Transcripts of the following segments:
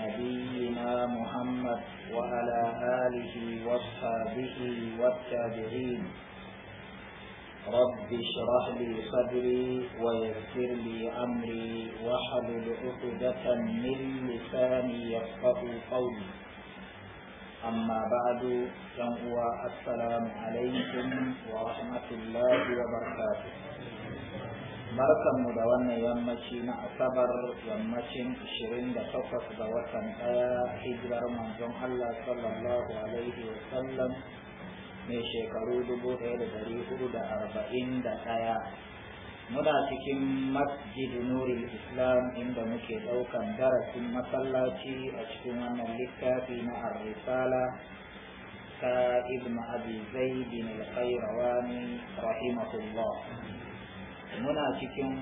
نبينا محمد وعلى آله وصحبه والتابعين رب اشرح لي صدري ويسر لي أمري واحلل عقدة من لساني يفقه قولي أما بعد فهو السلام عليكم ورحمة الله وبركاته barkan mu da wannan yammaci na asabar yammacin 28 ga watan daya hijirar manzon Allah sallallahu alaihi wa sallam mai shekaru 1441 muna cikin masjid nurul islam inda muke ɗaukan darasin masallaci a cikin wannan littafi na ar-risala ta ibn abi zaid al-qayrawani rahimahullah muna cikin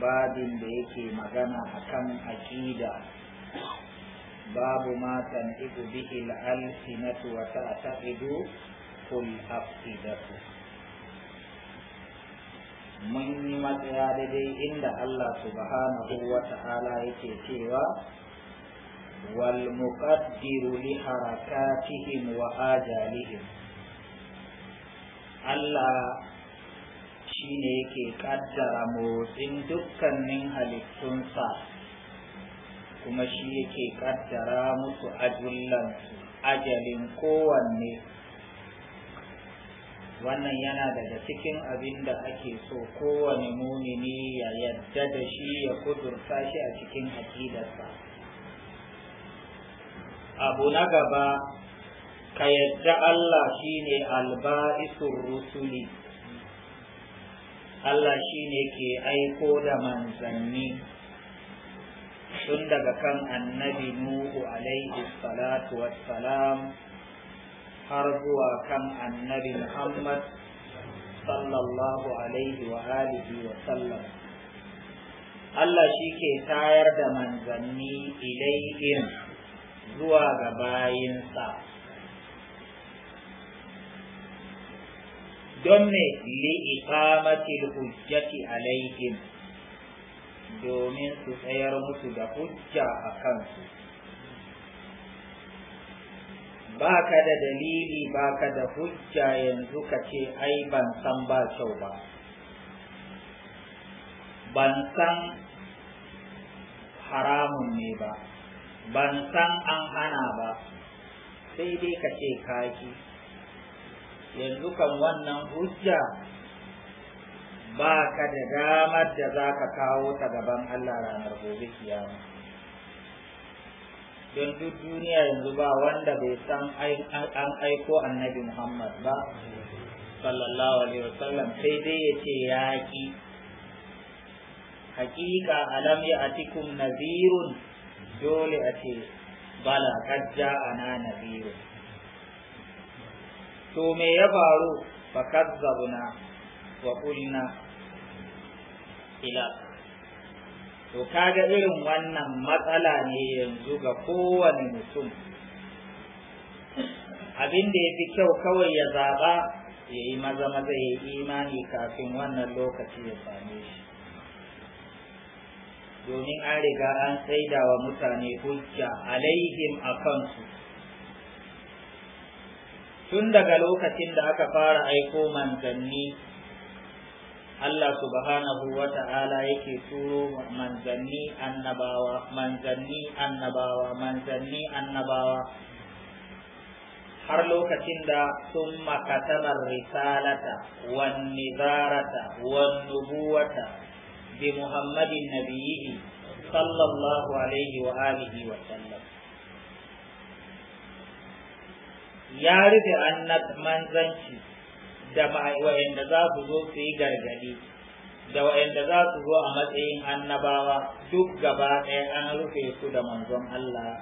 babin da yake magana akan aƙida babu matan ibu bihi al-alsinatu wa ta'taqidu kul afidatu mun yi matsaya daidai inda Allah subhanahu wa ta'ala yake cewa wal muqaddiru li harakatihim wa ajalihim Allah shine yake kaddara motsin dukkanin halittunsa kuma shi yake kaddara musu ajullan ajalin kowanne wannan yana daga cikin abin da ake so kowane mumini ya yadda da shi ya kudurta shi a cikin aƙidarsa abu na gaba ka yadda Allah shine alba'isun rusuli Allah shi ne ke aiko da manzanni tun daga kan annabi Nuhu alaihi salatu wassalam har zuwa kan annabi Muhammad sallallahu alaihi wa alihi wa sallam. Allah shi ke tayar da manzanni ilaihin zuwa ga bayinsa. don me li'iqamati hujjati alaihim domin su tsayar musu da hujja a kansu ba ka da dalili ba ka da hujja yanzu ka ce ai ban san ba kyau ba ban san haramun ne ba ban san an hana ba sai dai ka ce kaki yanzu kan wannan hujja ba ka da damar da za ka kawo ta gaban Allah ranar gobe kiyama don duk duniya yanzu ba wanda bai san an aiko annabi Muhammad ba sallallahu alaihi wasallam sai dai ya ce yaƙi hakika alam ya atikum nazirun dole a ce bala kajja ana nazirun to me ya faru zabuna wa kulina ila to kaga irin wannan matsala ne yanzu ga kowane mutum abin da ya fi kyau kawai ya zaɓa ya yi maza maza ya yi imani kafin wannan lokaci ya same shi domin an riga an tsaida wa mutane hujja alaihim a kansu tun daga lokacin da aka fara aiko manzanni Allah subhanahu wa ta'ala yake turo manzanni annabawa manzanni annabawa manzanni annabawa har lokacin da sun makatamar risalata wan nizarata wan nubuwata bi muhammadin nabiyyi sallallahu alaihi wa alihi wa sallam ya rufe annat manzanci da wa'anda za su zo su yi gargadi da wa'anda za su zo a matsayin annabawa duk gaba ɗaya an rufe su da manzon Allah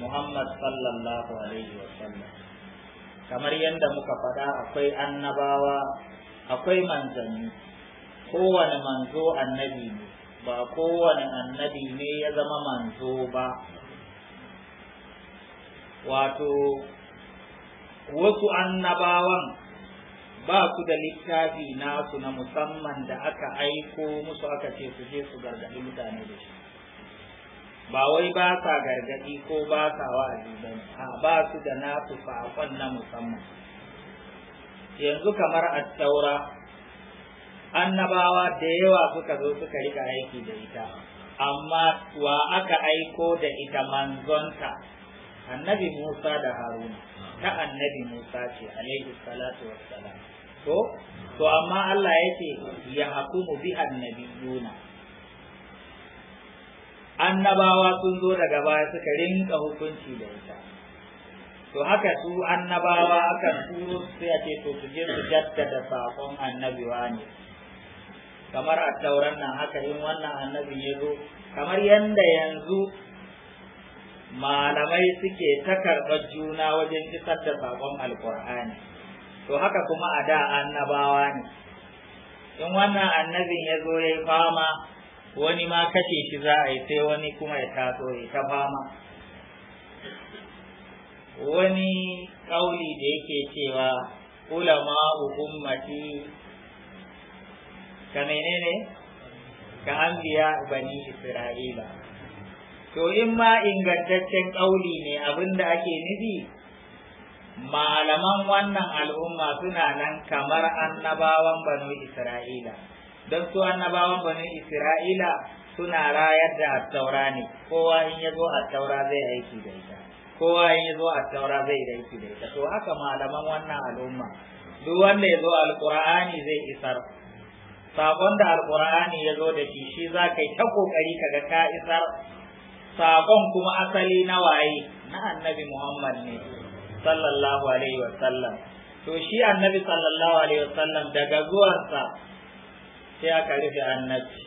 Muhammad sallallahu alaihi sallam kamar yadda muka faɗa akwai annabawa akwai manzanni kowane manzo annabi ne ba kowane annabi ne ya zama manzo ba wato wasu annabawan ba su da littafi nasu na musamman da aka aiko musu aka ce su je su gargaɗi mutane da shi ba wai ba sa gargaɗi ko ba sa wa'azi ba a ba su da nasu saƙon na musamman yanzu kamar a taura annabawa da yawa suka zo suka rika aiki da ita amma wa aka aiko da ita manzonta annabi musa da haruna ta annabi Musa ce alaihi salatu wassalam to to amma Allah yake ya hukumu bi annabiyuna annabawa sun zo daga baya suka rinka hukunci da ita to haka su annabawa akan turo su ya ce to su je su jaddada sakon annabi ne kamar a tauran nan haka in wannan annabi ya zo kamar yanda yanzu malamai suke ta juna wajen isar da saƙon alƙur'ani to haka kuma a da annabawa ne in wannan annabin ya zo ya yi fama wani ma kashe shi za a yi sai wani kuma ya taso ya ta fama wani ƙauli da yake cewa ulama ummati ka menene ka anbiya bani isra'ila to in ma ingantaccen ƙauli ne abin da ake nufi malaman wannan al'umma suna nan kamar annabawan banu isra'ila don su annabawan banu isra'ila suna rayar da attaura ne kowa in ya zo attaura zai aiki da ita kowa in ya zo attaura zai aiki da ita to haka malaman wannan al'umma duk wanda ya zo alƙur'ani zai isar sakon da alƙur'ani ya zo da shi shi za ka yi ta kokari ka ga ka isar saƙon kuma asali na waye na annabi muhammad ne sallallahu alaihi wa sallam. to shi annabi sallallahu alaihi wa sallam daga zuwansa sai aka rufe annabi,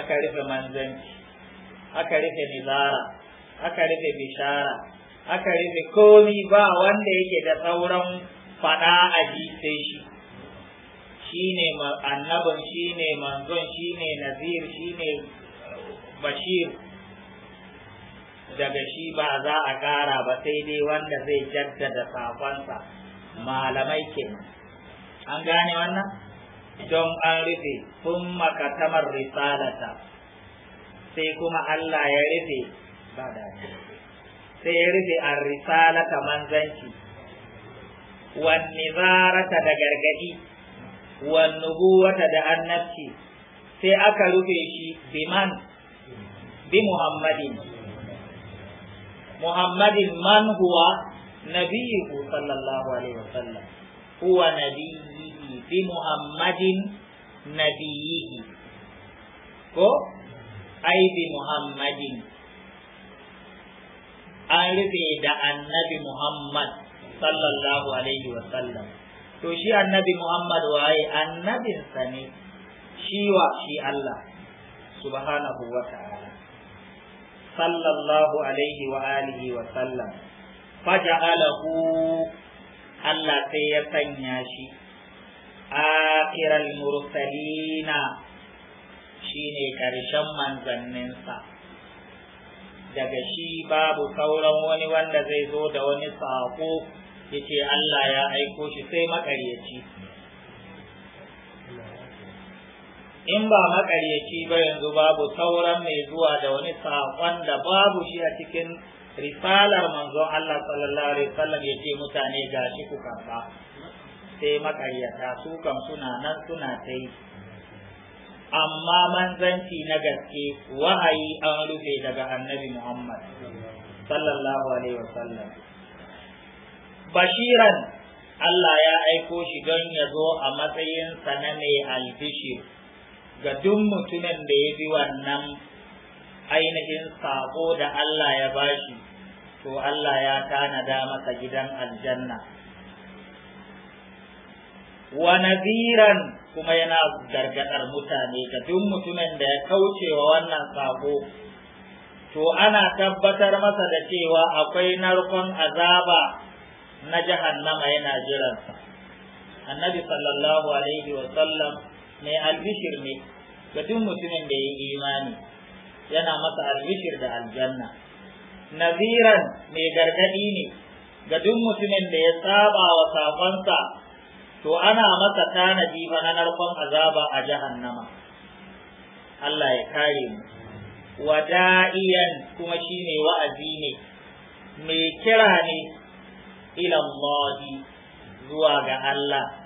aka rufe manzanci aka rufe nizara aka rufe bishara aka rufe komi ba wanda yake da sauran faɗa a ji sai shi ne annabin ne manzon ne nazir ne bashir daga shi ba za a ƙara ba sai dai wanda zai jaddada sakonsa malamai ke an gane wannan don an rufe sun makatamar risalata sai kuma Allah ya rufe ba da sai ya rufe a risalata manzanci wani zarata da gargadi wani guwata da annabci sai aka rufe shi biman bi muhammadin muhammadin man huwa nabiyyu sallallahu alaihi wasallam huwa nabiyyi bi muhammadin nabiyyi ko ai bi muhammadin an rufe da annabi muhammad sallallahu alaihi wasallam to shi annabi muhammad waye annabinsa ne shi wa shi allah subhanahu wa ta'ala sallallahu alaihi wa alihi wa sallam faja'alahu Allah sai ya sanya shi akiral mursalina shine karshen manzanninsa daga shi babu sauran wani wanda zai zo da wani sako yace Allah ya aiko shi sai maƙaryaci. in ba makaryaci ba yanzu babu sauran mai zuwa da wani saƙon da babu shi a cikin risalar manzon Allah sallallahu alaihi wasallam ya ce mutane ga shi ku karba sai makaryata su kan suna nan suna ta yi amma manzanci na gaske wahayi an rufe daga annabi Muhammad sallallahu alaihi wasallam bashiran Allah ya aiko shi don ya zo a matsayinsa na mai albishir ga duk mutumin da ya bi wannan ainihin sabo da Allah ya bashi to Allah ya tanada masa gidan aljanna wa naziran kuma yana gargadar mutane ga duk mutumin da ya kauce wa wannan sabo to ana tabbatar masa da cewa akwai narkon azaba na jahannama yana jiransa annabi sallallahu alaihi wa sallam mai albishir ne ga duk mutumin da ya yi imani yana masa albishir da aljanna naziran mai gargadi ne ga duk mutumin da ya saba wa sakonsa to ana masa tanadi fa na narkon azaba a jahannama Allah ya kare mu wada'iyan kuma shine wa'azi ne mai kira ne ila zuwa ga Allah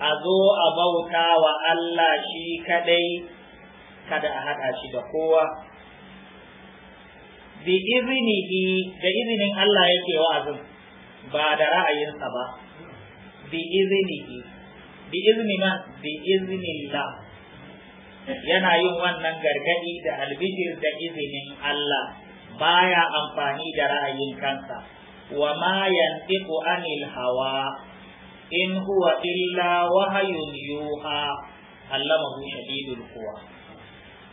a zo a bauta wa Allah shi kadai kada a haɗa shi da kowa bi izinihi da izinin Allah yake wa'azin ba da ra'ayinsa ba bi izinihi bi izini ma bi izinillah yana yin wannan gargadi da albishir da izinin Allah baya amfani da ra'ayin kansa wa ma yantiqu anil hawa in huwa illa wahayun yuha allamahu shadidul quwa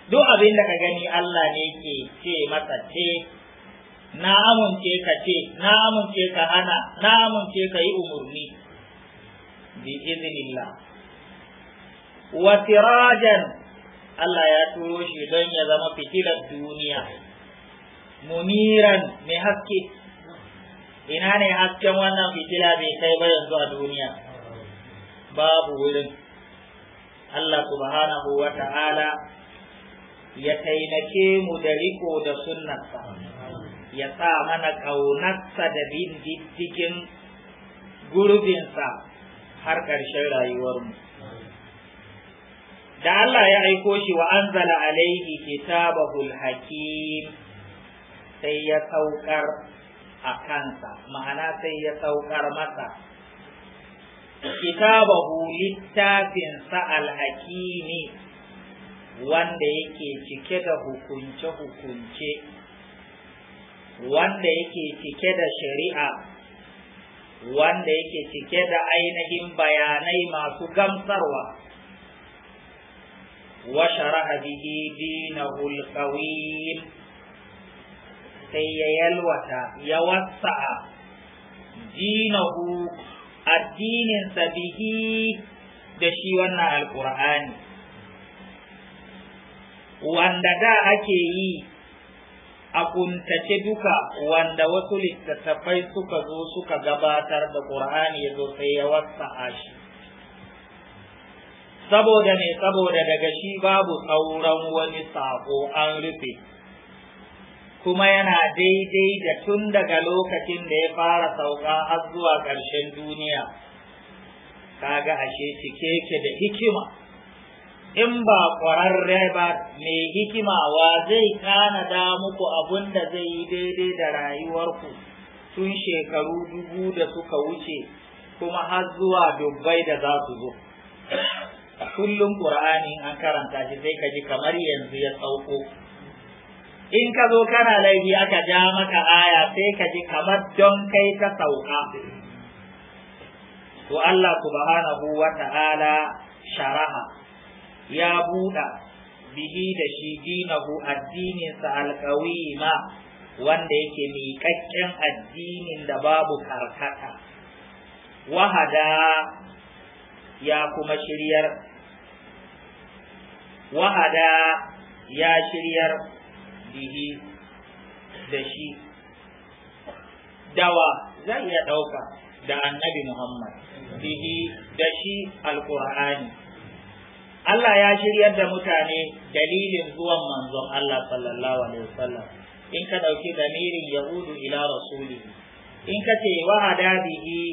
duk abin da ka gani Allah ne ke ce masa ce na amince ka ce na amince ka hana na amince ka yi umurni bi iznillah wa sirajan Allah ya turo shi don ya zama fitilar duniya muniran mai haske ina ne hasken wannan fitila bai kai ba yanzu a duniya babu wurin Allah subhanahu wa ta'ala ya tainake mu da riko da sunnarsa ya sa mana ƙaunarsa da bin diddigin gurbinsa har ƙarshen rayuwarmu da Allah ya aiko shi wa anzala alaihi kitabahul hakim sai ya saukar a kansa ma'ana sai ya saukar masa kitabahu littafin littafinsa alhakimi wanda yake cike da hukunce-hukunce wanda yake cike da shari'a wanda yake cike da ainihin bayanai masu gamsarwa wa shara'a bihi dinahul qawim sai ya yalwata ya wasa'a dinahu addinin bihi da shi wannan alkur'ani wanda da ake yi a kuntace duka wanda wasu littattafai suka zo suka gabatar da ƙur'ani ya zo sai ya wasa shi saboda ne saboda daga shi babu sauran wani sako an rufe kuma yana daidai da tun daga lokacin da ya fara sauka har zuwa ƙarshen duniya kaga ashe cike ke da hikima in ba ƙwararre ba mai hikima wa zai da muku abun da zai yi daidai da rayuwarku tun shekaru dubu da suka wuce kuma har zuwa dubbai da za su zo kullum ƙur'ani an karanta shi sai ka ji kamar yanzu ya sauko in ka zo kana laifi aka ja maka aya sai ka ji kamar don kai ta sauka to Allah subhanahu wa ta'ala sharaha ya buɗa bihi da shi dinahu addininsa alƙawima wanda yake miƙaƙƙen addinin da babu karkata wahada ya kuma shiryar wahada ya shiryar bihi da shi dawa zan iya ɗauka da annabi Muhammad bihi da shi alƙur'ani Allah ya shiryar da mutane dalilin zuwan manzon Allah sallallahu alaihi wasallam in ka ɗauki damirin yahudu ila rasuli in ka ce wa'ada bihi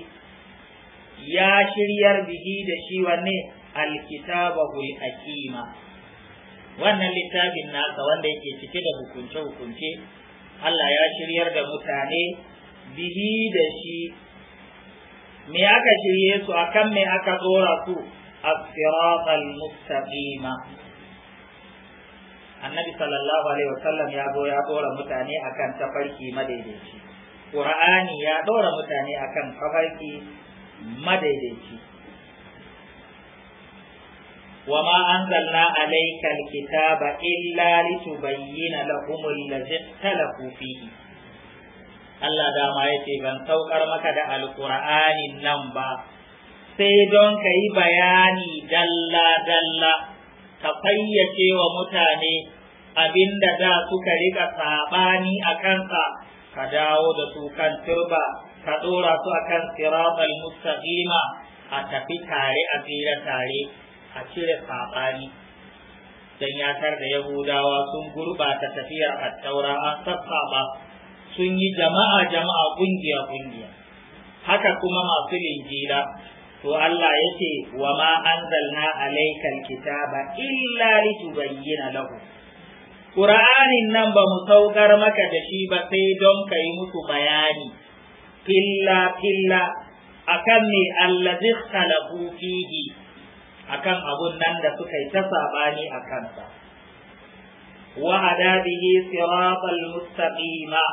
ya shiryar bihi da shi wanne alkitaba hul wannan littafin nasa wanda yake cike da hukunce-hukunce Allah ya shiryar da mutane bihi da shi me aka shirye su akan me aka tsora su a siratal mustaqima annabi sallallahu alaihi wasallam ya zo ya tsora mutane akan tafarki madaidaici qur'ani ya tsora mutane akan tafarki madaidaici وما أنزلنا عليك الكتاب إلا لتبين لهم الذي اختلفوا فيه Allah dama ya ce ban saukar maka da alƙur'anin nan ba sai don ka yi bayani dalla-dalla ka fayyace wa mutane abinda da suka rika saɓani a kansa ka dawo da su kan turba ka ɗora su a kan siratal mustaqima a tafi tare a tsira tare a cire saɓani don yakar da yahudawa sun gurbata tafiyar taura an sassaɓa sun yi jama'a jama'a ƙungiya ƙungiya haka kuma masu linjila to Allah ya ce wa ma anzalna alaikal kitaba illa tubayyana lahu Qur'anin nan ba mu saukar maka da shi ba sai don ka yi musu bayani filla filla akan me allazi khalaqu fihi akan abun nan da suka yi ta sabani a kansa wa adabihi siratal mustaqima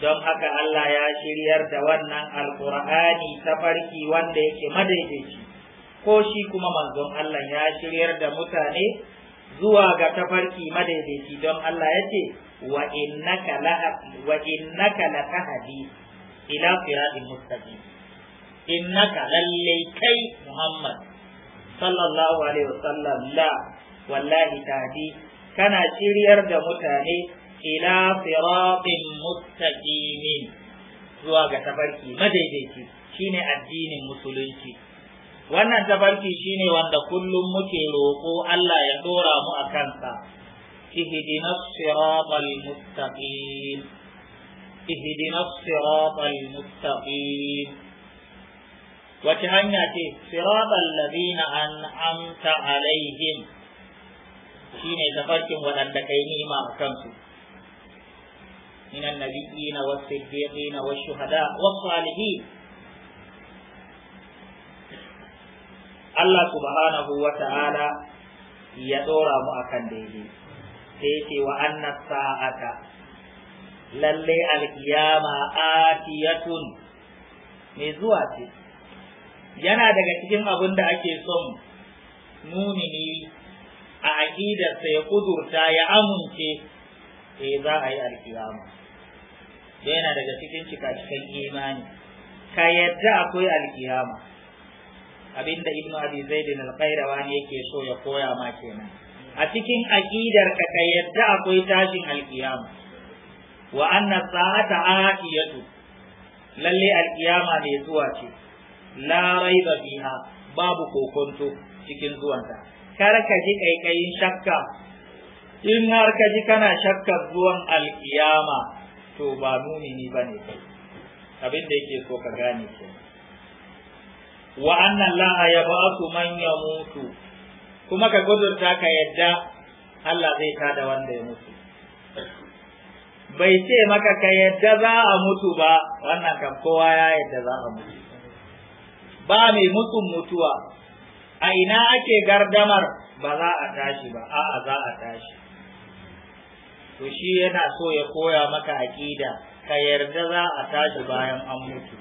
don haka Allah ya shiryar da wannan alqur'ani ta farki wanda yake madaidaici ko shi kuma manzon Allah ya shiryar da mutane zuwa ga tafarki madaidaici don Allah ya ce wa innaka la wa innaka la tahdi ila siratal mustaqim innaka lallai kai Muhammad sallallahu alaihi wasallam la wallahi tahdi kana shiryar da mutane ila siratin mustaqimin zuwa ga tabarki madaidaici shine addinin musulunci wannan tabarki shine wanda kullum muke roƙo Allah ya dora mu a kansa ihdina siratal mustaqim ihdina siratal mustaqim wace hanya ce siratal ladina an'amta alaihim shine tafarkin waɗanda kai ni'ima a kansu من النبيين والصديقين والشهداء والصالحين Allah subhanahu wa ta'ala ya dora mu akan daidai, sai ce wa anna sa'ata, lalle alkiyama atiyatun mai zuwa ce. yana daga cikin abin da ake son mumini a aƙidarsa ya kudurta ya amince eh za a yi alkiyama yana daga cikin cikakken imani ka yadda akwai alkiyama abinda ibn abi zaidin al-qayrawani yake so ya koya ma kenan a cikin aqidar ka ka yadda akwai tashin alkiyama wa anna sa'ata aatiyatu lalle alkiyama mai zuwa ce la raiba fiha babu kokonto cikin zuwanta kar ka ji kaikayin shakka in har ka ji kana shakkar zuwan alkiyama to ba ni bane abin da yake so ka gane ke wa anna allaha yab'athu man yamutu kuma ka gudurta ka yadda Allah zai tada wanda ya mutu bai ce maka ka yadda za a mutu ba wannan kan kowa ya yadda za a mutu ba mai musun mutuwa a ina ake gardamar ba za a tashi ba a'a za a tashi to shi yana so ya koya maka aƙida ka yarda za a tashi bayan an mutu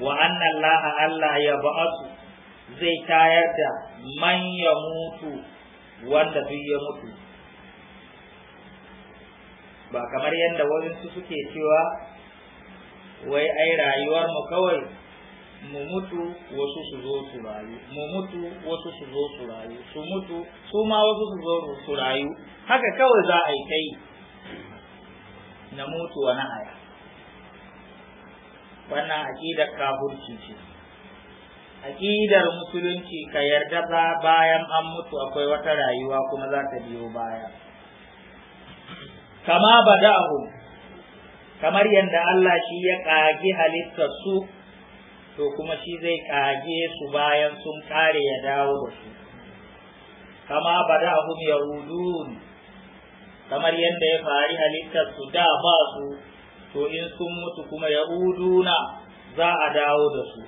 wa anna Allah ya ba'asu zai tayar da man ya mutu wanda duk ya mutu ba kamar yadda wasu suke cewa wai ai rayuwar mu kawai mu mutu wasu su zo su rayu mu mutu wasu su zo su rayu su mutu su ma wasu su zo su rayu haka kawai za a yi kai na mutu wa aya. wannan aƙidar kafurci ce aƙidar musulunci ka yarda bayan an mutu akwai wata rayuwa kuma za ta biyo baya kama bada'ahu kamar yadda Allah shi ya ƙagi halittar su to kuma shi zai kage su bayan sun kare ya dawo da su kama ba da bada'ahum yarudun kamar yadda ya fari halittar su da ba su to in sun mutu kuma yahuduna za a dawo da su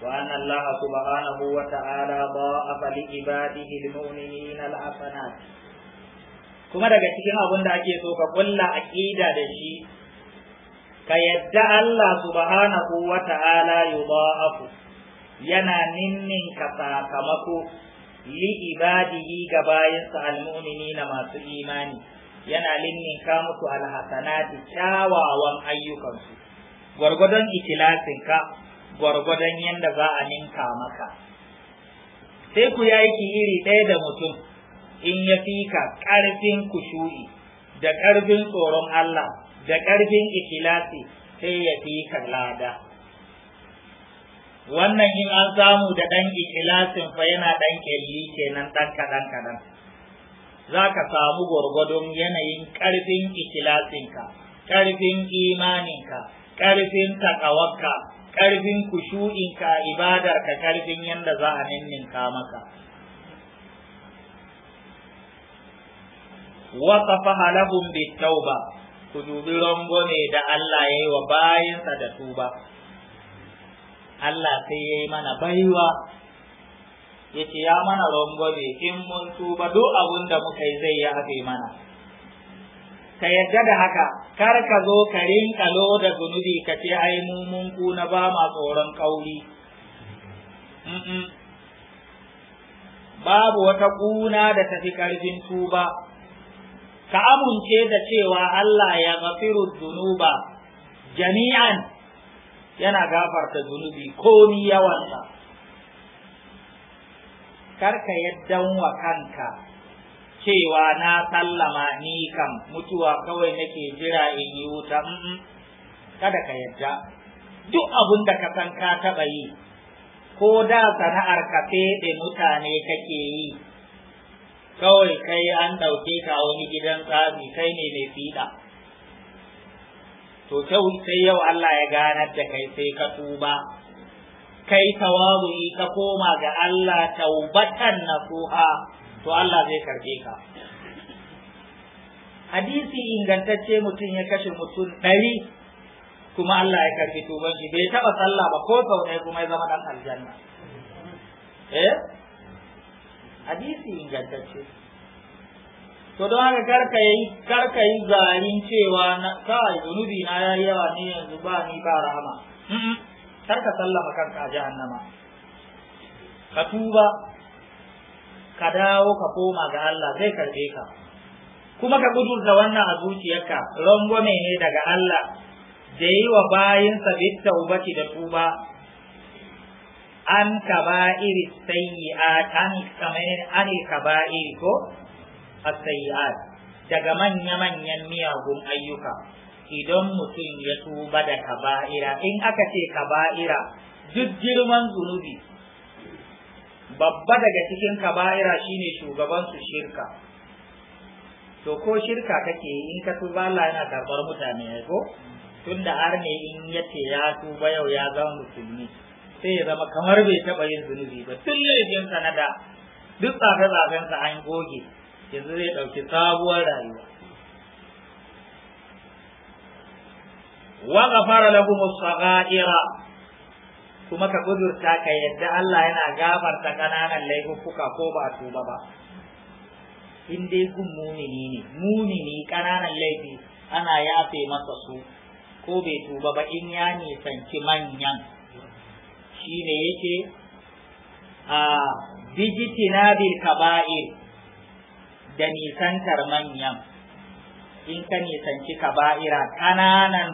وأن الله سبحانه وتعالى ضاعف لعباده المؤمنين الحسنات كما al-mu'minin kuma daga cikin abin da ake so ka kulla aqida da shi ka yadda Allah subhanahu wa ta'ala yudha'afu yana ninnin ka sakamako li ibadihi ga bayansa na masu imani yana ninnin ka musu alhasanati kyawawan ayyukansu gwargwadon itilasin ka gwargwadon yadda za a ninka maka sai ku yi iri ɗaya da mutum in ya ka ƙarfin kushu'i da ƙarfin tsoron Allah da ƙarfin ikilasi sai ya fi lada wannan in an samu da ɗan ikilasin fa yana ɗan kelli kenan ɗan kaɗan kaɗan za ka samu gwargwadon yanayin ƙarfin ikilasinka ƙarfin imaninka ƙarfin takawarka ƙarfin kushu'inka ibadarka ƙarfin yadda za a ninninka maka wasafaha lahum bitauba ku dubi ne da Allah ya yi wa bayansa da tuba Allah sai ya yi mana baiwa ya ce ya mana ne in mun tuba duk abin da muka yi zai ya haɗe mana ka yarda da haka kar ka zo ka rinka lo da zunubi ka ce ai mu mun kuna ba ma tsoron kauri babu wata kuna da tafi karfin tuba ka amince da cewa Allah ya gafiru zunuba jami'an yana gafarta zunubi komi yawansa karka yaddan wa kanka cewa na sallama ni kam mutuwa kawai nake jira in yi wuta kada ka yadda duk abun da ka san ka taɓa yi ko da sana'ar ka feɗe mutane kake yi kawai kai an ɗauke ka wani gidan tsafi kai ne mai fiɗa to sai yau Allah ya gana da kai sai ka tuba kai tawazu'i ka koma ga Allah taubatan nasuha to Allah zai karbe ka hadisi ingantacce mutum ya kashe mutum ɗari kuma Allah ya karbi tuban shi bai taɓa sallah ba ko sau ɗaya kuma ya zama ɗan aljanna eh hadisi ingantacce to don haka karka yi karka yi cewa na kawai zunubi na ya yawa ne yanzu ba ni ba rahama karka sallama kanka a jahannama ka tuba ka dawo ka koma ga Allah zai karbe ka kuma ka da wannan a zuciyarka rangwame ne daga Allah da yi wa bayansa bitta ubati da tuba an kaba'iri sayyi'at an kamar anil kaba'iri ko as daga manya-manyan miyagun ayyuka idan mutum ya tuba da kaba'ira in aka ce kaba'ira duk girman zunubi babba daga cikin kaba'ira shine shugaban su shirka to ko shirka kake in ka tuba Allah yana karbar mutane ko tunda har ne in yace ya tuba yau ya zama musulmi sai ya zama kamar bai taɓa yin zunubi ba tun laifinsa na da duk tsafe-tsafensa an goge yanzu zai ɗauki sabuwar rayuwa wa ghafara lahum a kuma ka gudurta ka yadda Allah yana gafarta kananan laifuka ko ba tuba ba in dai kun mumini ne mumini kananan laifi ana yafe masa su ko bai tuba ba in ya nisanci manyan shine yake a bijitina bil kaba'ir da nisantar manyan in ka nisanci kaba'ira kananan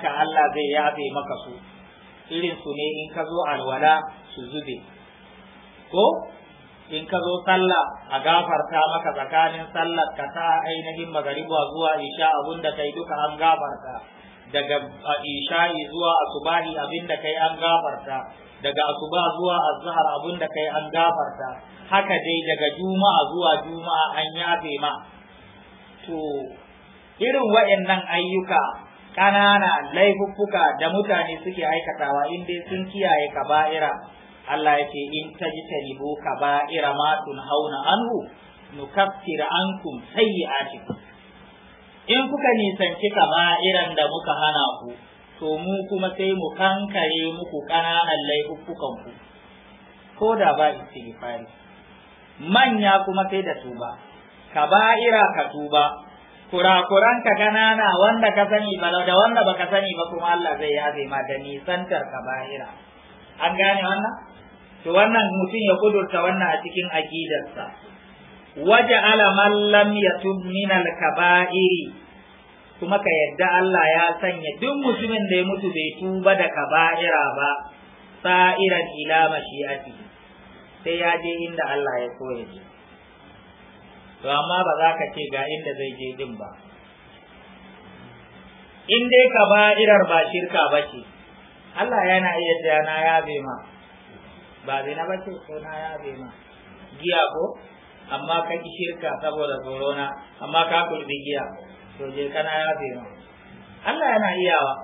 ka Allah zai yafe maka su irin su ne in ka zo alwala su zube ko in ka zo sallah a gafarta maka tsakanin sallar ka ta ainihin magariba zuwa isha abunda kai duka an gafarta daga isha'i zuwa asubahi abinda kai an gafarta daga asuba zuwa azhar abinda kai an gafarta haka dai daga juma'a zuwa juma'a an yafe ma to irin wayannan ayyuka ƙanana laifuffuka da mutane suke aikatawa in dai sun kiyaye kaba'ira Allah yake in tajtanibu kaba'ira ma tunhauna anhu nukaffir ankum sayyi'atikum in kuka nisanci kaba'iran da muka hana ku to mu kuma sai mu kankare muku ƙananan laifukan ku ko da ba istighfari manya kuma sai da tuba kaba'ira ka tuba kurakuran ka ganana wanda ka sani ba da wanda baka sani ba kuma Allah zai yafe ma da nisantar kaba'ira an gane wannan to wannan mutum ya kudurta wannan a cikin aqidarsa waja'ala man lam yatub min al-kaba'iri kuma ka yadda Allah ya sanya duk mutumin da ya mutu bai tuba da kaba'ira ba sa'iran ila mashi'ati sai ya je inda Allah ya so ya to amma ba za ka ce ga inda zai je din ba in dai kaba'irar ba shirka ba ce Allah yana iya tsaya na yabe ma ba zai na ba ce ko na yabe ma giya ko amma ka ki shirka saboda tsorona amma ka kurbi giya to je kana ya tsira. Allah yana iyawa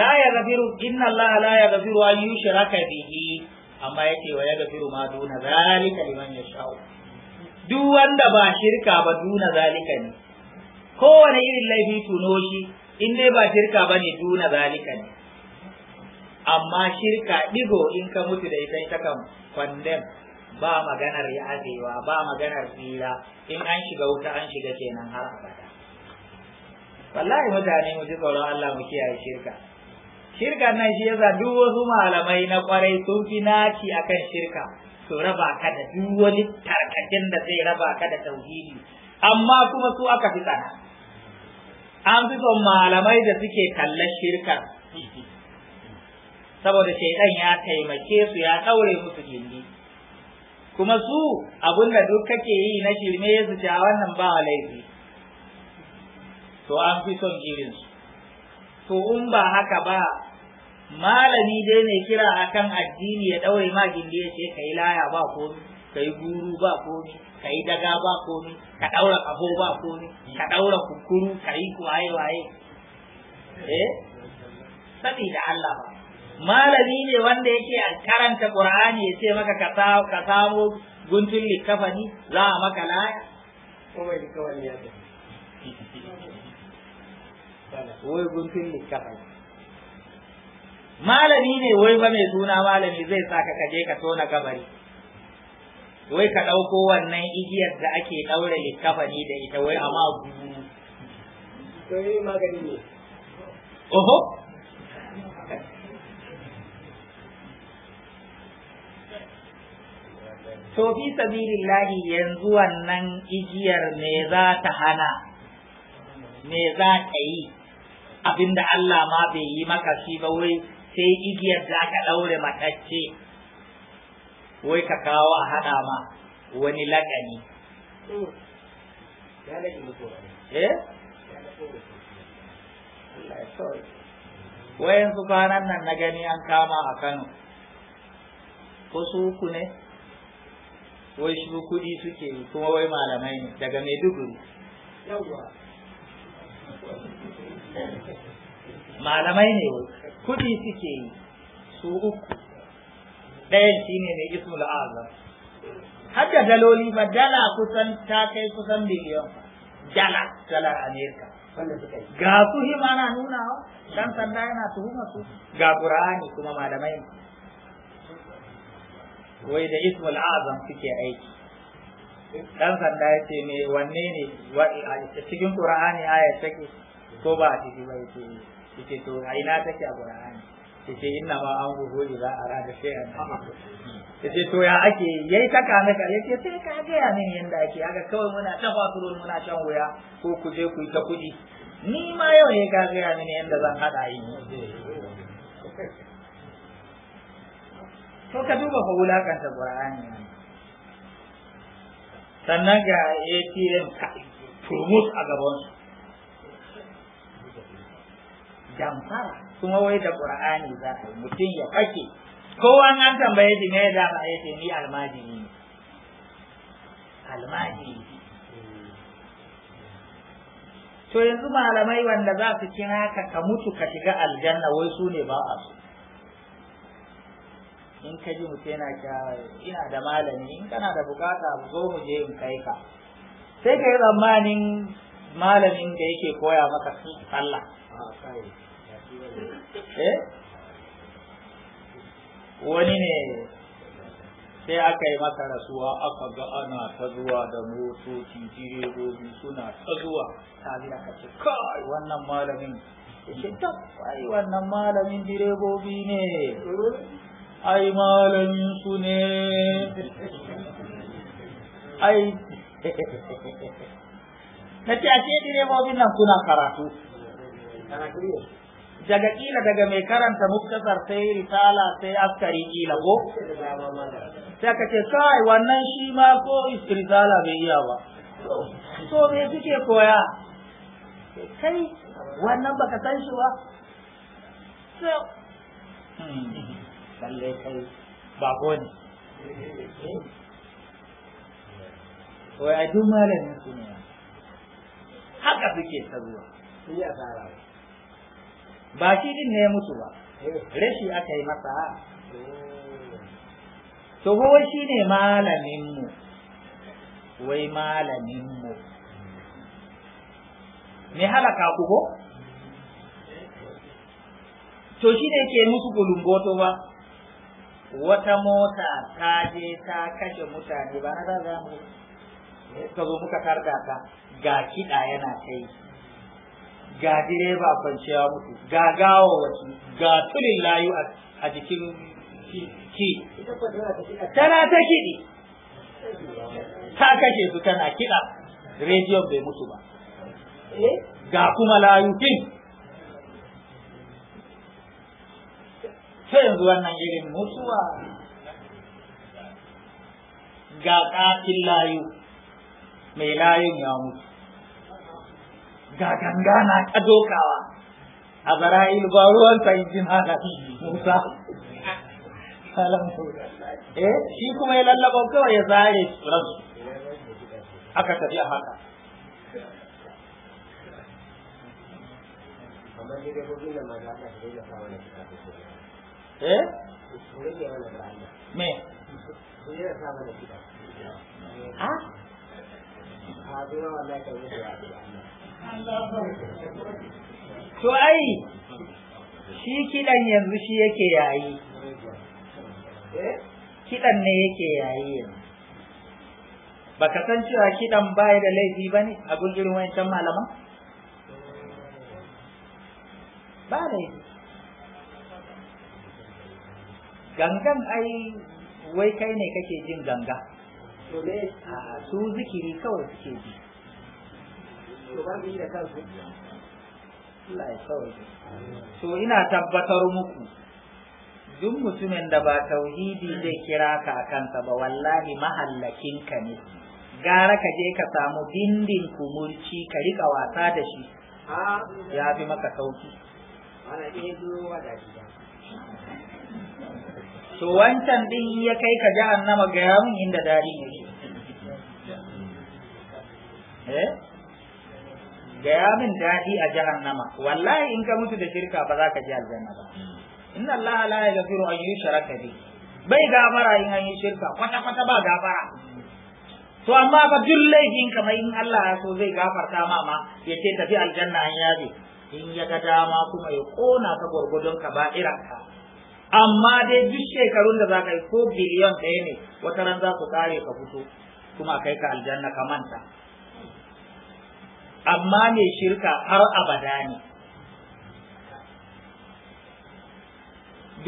la ya gafiru inna Allah la ya gafiru, an yushraka bihi amma yake wa ya gafiru ma duna zalika liman yasha'u duk wanda ba shirka ba duna zalika ne kowane irin laifi tuno shi in dai ba shirka ba ne duna zalika ne amma shirka digo in ka mutu da ita ita kan kwandem ba maganar yafewa ba maganar tsira in an shiga wuta an shiga kenan har abada wallahi mutane mu ji tsoron Allah mu kiyaye shirka shirka nan shi yasa duk wasu malamai na kwarai sun fi naci akan shirka to raba ka da duk wani tarkacin da zai raba ka da tauhidi amma kuma su aka fi tsana an fi son malamai da suke kallon shirka saboda shaidan ya taimake su ya daure musu gindi kuma su abin da duk kake yi na shirme su ci a wannan ba laifi to an fi son su. to in ba haka ba malami dai mai kira a kan addini ya ɗaure ma gindi ya ce ka yi laya ba komi ka yi guru ba komi ka yi daga ba komi ka ɗaura kaho ba komi ka ɗaura kukuru ka yi waye waye eh sabida Allah ba malami ne wanda yake karanta qur'ani ya ce maka ka samu guntun likafani za a maka laya ko mai likafani ya ce wai guntun likafani malami ne wai ba mai suna malami zai sa ka kaje ka tona kabari wai ka ɗauko wannan igiyar da ake ɗaure likafani da ita wai amma magani ne oho to fi sabilillahi yanzu wannan igiyar me za ta hana me za ta yi abinda Allah ma bai yi maka shi ba wai sai igiyar za ka ɗaure matacce wai ka kawo a haɗa ma wani lagani eh? wayan su kwanan nan na gani an kama a Kano ko su uku ne wai shi kuɗi suke yi kuma wai malamai ne daga maiduguri malamai ne kuɗi suke yi su uku ɗayan shi ne mai ismu azam har da daloli ba dala kusan ta kai kusan miliyan dala a amerika ga su hima na nuna wa? dan sanda yana tuhuma su ga ƙura'ani kuma malamai ne wai da ismul azam suke aiki dan sanda ya ce me wanne ne cikin qur'ani aya take ko ba a ciki ba yace yace to a ina take a qur'ani yace inna ma an ruhu idza arada shay'an yace to ya ake yayi ta kame ka yace sai ka ga ya mini yanda ake haka kawai muna ta muna shan wuya ko ku je ku yi ta kudi ni ma yau ne ka ga ya mini yanda zan hada yi to ka duba fa wulakanta qur'ani sannan ga ATM promote a gaban su damfara kuma wai da qur'ani za a mutum ya fake kowa an tambaye shi me da ba yake ni almajiri Almaji? to yanzu malamai wanda za su kira ka ka mutu ka shiga aljanna wai su ne ba a su in ka ji mutum yana ka ina da malami in kana da bukata zo mu je in kai ka sai ka yi tsammanin malamin da yake koya maka su sallah ah, eh? wani ne sai aka yi maka rasuwa aka ga ana ta zuwa da motoci direbobi suna ta zuwa ta zira ka ce kai wannan malamin ya ce wannan malamin direbobi ne ay malamin su ne ai eh, eh, eh, na ce ashe direbobin nan kuna karatu daga kila daga mai karanta muktasar sai risala sai askari kila ko sai ka ce kai wannan shi ma ko risala bai iya ba so me suke koya kai wannan baka san shi ba hmm. lallai kai bako ne wai a duk malamin su ne haka suke ta zuwa su yi ba shi din ne ya mutu ba rashi aka yi masa to wai shi ne malaminmu wai malaminmu me halaka ku ko to shi ne ke musu gulumboto ba wata mota ta je ta kashe mutane ba na za mu ka zo muka karda ta ga kiɗa yana kai ga direba kwanciya mutu ga gawo wasu ga tulin layu a jikin ki tana ta kiɗi ta kashe su tana kiɗa rediyon bai mutu ba eh? ga kuma layu kin sai yanzu wannan irin mutuwa ga ƙafin layu mai layun ya mutu ga ganga na ƙadokawa a zara'il ba ruwan sa jin haka musa eh shi kuma ya lallaba kawai ya zare rasu aka tafi a haka amma dai dai ko gina ma da aka tafi da kawo Eh? Ah? to ai shi kidan yanzu shi yake yayi eh? kidan ne yake yayi yanzu ka san cewa kidan baya da laifi ba ne a gungirin wancan malaman ba laifi gangan ai wai kai ne kake jin ganga su zikiri kawai suke ji so ina tabbatar muku duk mutumin da ba tauhidi zai kira ka a kansa ba wallahi mahallakin ka ne gara ka je ka samu dindin kumurci ka rika wasa da shi ya fi maka sauki to wancan din ya kai ka annama ga yamin inda dari ne eh ga yamin dadi a jahannama wallahi in ka mutu da shirka ba za ka ji aljanna ba inna allaha la yaghfiru an yushraka bi bai gafara in an yi shirka kwata kwata ba gafara to amma ba duk laifin kamar in Allah ya so zai gafarta ma ma ya ce tafi aljanna an yabe in ya ga dama kuma ya kona ta gurgudun ka ba iranka amma dai duk shekarun da za ka yi ko biliyon ɗaya ne wata ran za ku kare ka fito kuma kai ka aljanna ka manta amma mai shirka har abada ne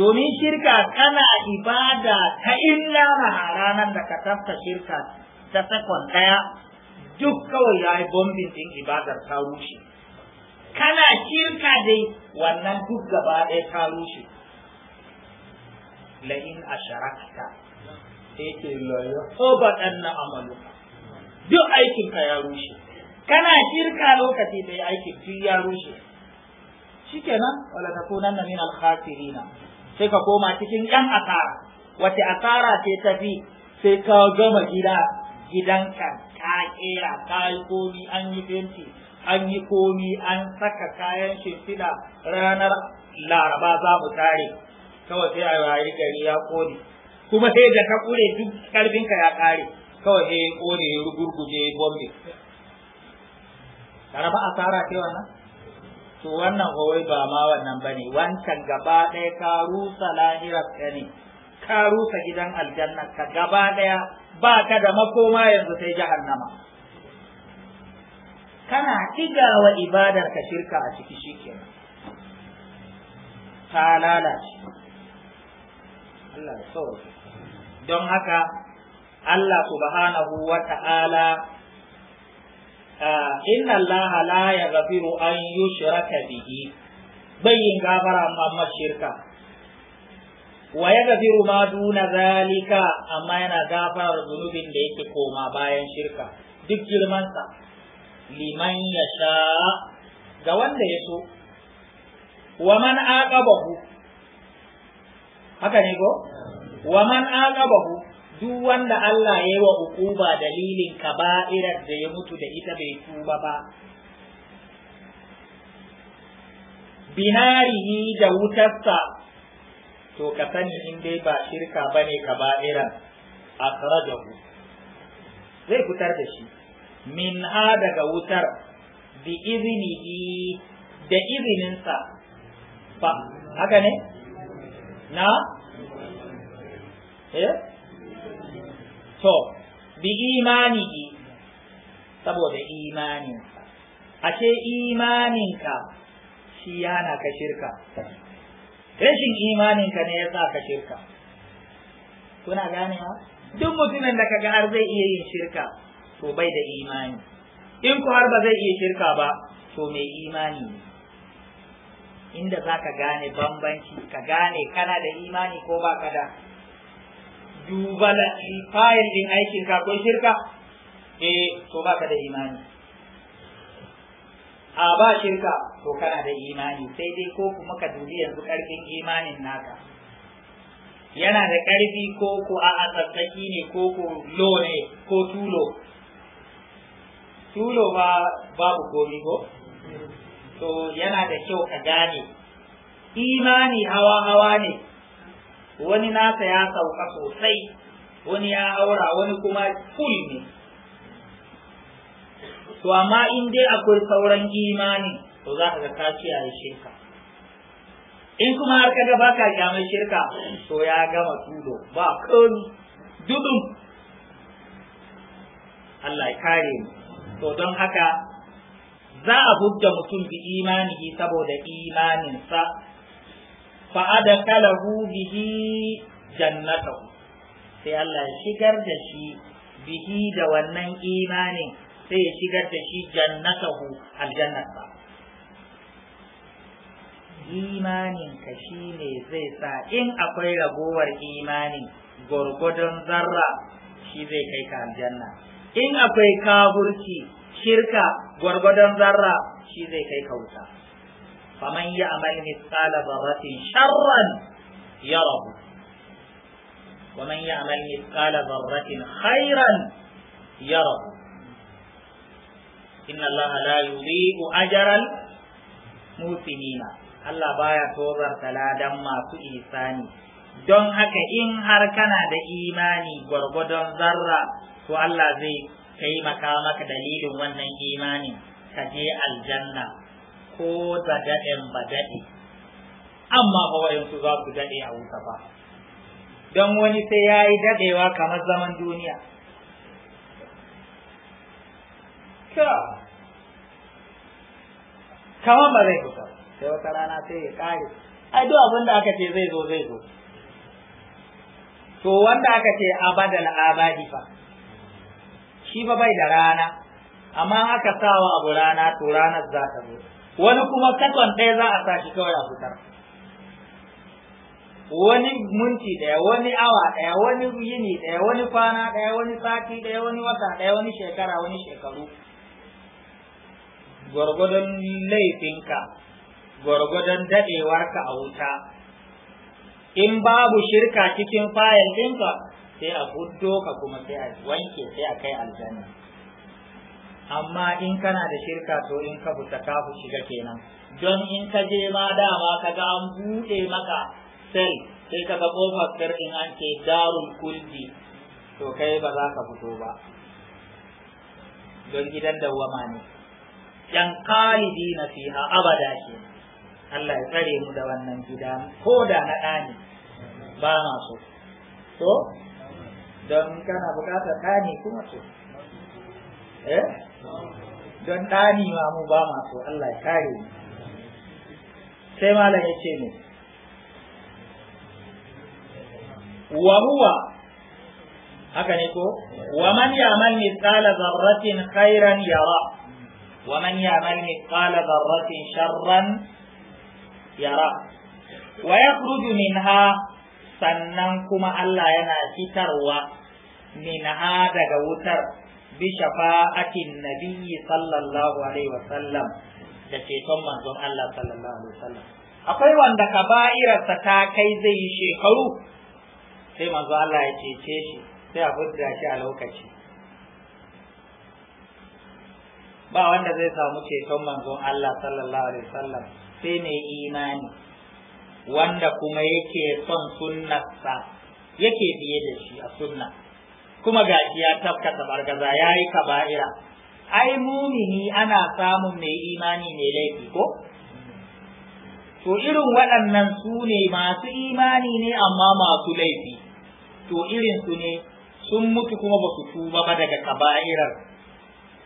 domin shirka kana ibada ta illa ranar da ka tafka shirka ta sakon ɗaya duk kawai ya yi bombin ɗin ibadar ta rushe kana shirka dai wannan duk gaba ɗaya ta rushe la'in asharakta da yake lawyer ɗan na amalu duk aikin ka ya rushe kana shirka lokaci da ya aikin duk ya rushe nan, wala na min al sai ka koma cikin yan asara wata asara ce ta fi sai ka gama gida gidanka ka kera ka yi komi an yi fenti an yi komi an saka kayan shimfiɗa ranar laraba za mu tare kawai sai a wayi gari ya kone kuma sai da ka kure duk karfinka ya kare kawai sai ya kone ya rugurguje bombe karaba tsara ce wannan to wannan kawai ba ma wannan bane wancan gaba ɗaya ka rusa lahirar ka ne ka rusa gidan aljanna ka gaba ɗaya ba ka da makoma yanzu sai jahannama kana ɗigawa ibadar ka shirka a ciki shikenan ta lalace Allah don haka Allah subhanahu wa ta'ala ah, inna Allah la yaghfiru an yushraka bihi bayin gafara amma shirka wa yaghfiru ma duna zalika amma yana gafarar zunubin da yake koma bayan shirka duk girmansa liman yasha ga wanda ya so wa man aqabahu haka ne ko wa man aqabahu duk wanda Allah ya yi wa ukuba dalilin kaba'irar da ya mutu da ita bai tuba ba binarihi da wutarsa to ka sani in dai ba shirka bane kaba'irar akhrajahu zai fitar da shi min ha daga wutar bi izinihi da izininsa ba haka ne na eh to bi imani saboda imaninka ashe imaninka shi yana ka shirka rashin imaninka ne ya sa ka shirka kuna gane ha duk mutumin da kaga har zai iya yin shirka to bai da imani in ku har ba zai iya shirka ba to mai imani ne inda za ka gane bambanci ka gane kana da imani ko ba ka da duba eh, fayil din aikin ka ko shirka eh to ba ka da imani a ba shirka to kana da imani sai dai ko kuma ka dubi yanzu karfin imanin naka yana da karfi ko ko a tsatsaki ne ko ko lo ne ko tulo tulo ba babu komi ko to yana da kyau ka gane imani hawa hawa ne wani nasa ya sauka sosai wani ya aura, wani kuma full ne to amma in dai akwai sauran imani to za ka ga ka kiyaye shirka in kuma har kaga baka kyamar shirka to ya gama tudo ba komi dudun Allah ya kare mu to don haka za a hujja mutum bi imanihi saboda imaninsa fa adakalahu bihi jannatahu sai Allah ya shigar da shi bihi da wannan imanin sai ya shigar da shi jannatahu aljannata imanin ka shi ne zai sa in akwai ragowar imanin gwargwadon zarra shi zai kai ka aljanna in akwai kafurci shirka gwargwadon zarra shi zai kai ka wuta faman ya amal mithqala dharratin sharran yarahu wa man ya amal mithqala dharratin khairan rabu. inna allaha la yudhi'u ajral musinina Allah baya tozarta ladan masu isani don haka in har kana da imani gwargwadon zarra to Allah zai taimaka maka dalilin wannan imanin ka je aljanna ko da daɗin ba daɗi amma ba wayansu za su daɗe a wuta ba don wani sai ya yi daɗewa kamar zaman duniya kamar ba zai fita sai wata rana sai ya ƙare ai duk abin da aka ce zai zo zai zo to wanda aka ce abadal abadi fa shi ba bai da rana amma aka sawa abu rana to ranar za ta zo wani kuma katon ɗaya za a sa shi kawai a fitar wani minti ɗaya wani awa ɗaya wani yini ɗaya wani kwana ɗaya wani sati ɗaya wani wata ɗaya wani shekara wani shekaru gwargwadon laifinka gwargwadon daɗewarka a wuta in babu shirka cikin fayil ɗinka sai a fito ka kuma sai a wanke sai a kai aljanna amma in kana da shirka to in ka fita ka shiga kenan don in ka je ma dama ka ga an bude maka sel sai ka ga kofar sir in an ce darul kuldi to kai ba za ka fito ba don gidan dawwama ne yan kalibi na fiha abada ke Allah ya tsare mu da wannan gida ko da na ɗani ba na so to don kana buƙatar ɗani kuma so eh don ɗani ma mu ba ma Allah kare sai malam ya ce mu wa huwa haka ne ko wa man ya'mal mithqala dharratin khairan yara wa man ya'mal mithqala dharratin sharran yara wa yakhruju minha sannan kuma Allah yana fitarwa minha daga wutar bi shafa'atin nabiyyi sallallahu alaihi wa sallam da ceton manzon Allah sallallahu alaihi wa sallam. akwai wanda kaba'irarsa ta kai zai yi shekaru sai manzo Allah ya cece shi sai a hudda shi a lokaci ba wanda zai samu ceton manzon Allah sallallahu alaihi wa sallam sai mai imani wanda kuma yake son sunnarsa yake biye da shi a sunna kuma gashi ya tafkata bargaza ya yi kaba'ira ai mumini ana samun mai imani mai laifi ko to irin waɗannan su ne masu imani ne amma masu laifi to irin su ne sun mutu kuma ba su tuba ba daga kaba'irar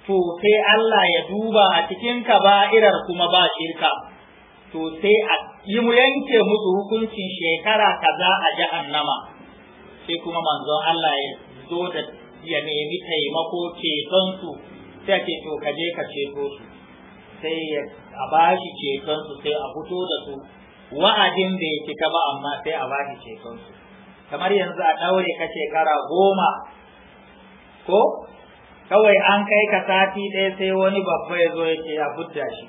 to sai Allah ya duba a cikin kaba'irar kuma ba shirka to sai a yi mu yanke musu hukuncin shekara kaza a jahannama sai kuma manzon Allah ya zo da ya nemi taimako cetonsu, su sai ce to ka je ka ceto su sai a bashi ceton su sai a fito da su wa'adin da ya cika ba amma sai a bashi ceton su kamar yanzu a ɗaure ka shekara goma ko kawai an kai ka sati ɗaya sai wani babba ya zo ya ce a fudda shi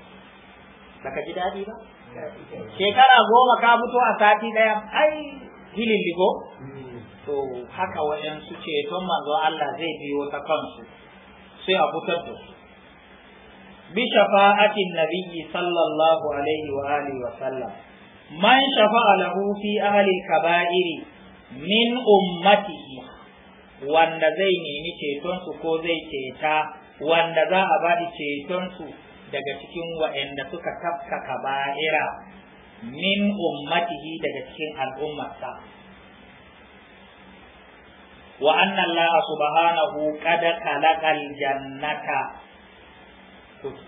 baka ji daɗi ba shekara goma ka fito a sati ɗaya ai hilin ligo to haka waɗansu ceton manzo Allah zai biyo ta kansu sai a fitar da su bi shafa'atin nabiyyi sallallahu alaihi wa alihi wa sallam man shafa'a lahu fi ahli kaba'iri min ummatihi wanda zai nemi ceton su ko zai ceta wanda za a bada ceton su daga cikin waɗanda suka tafka kaba'ira min ummatihi daga cikin al'ummarsa wa anna Allah subhanahu qad khalaqal jannata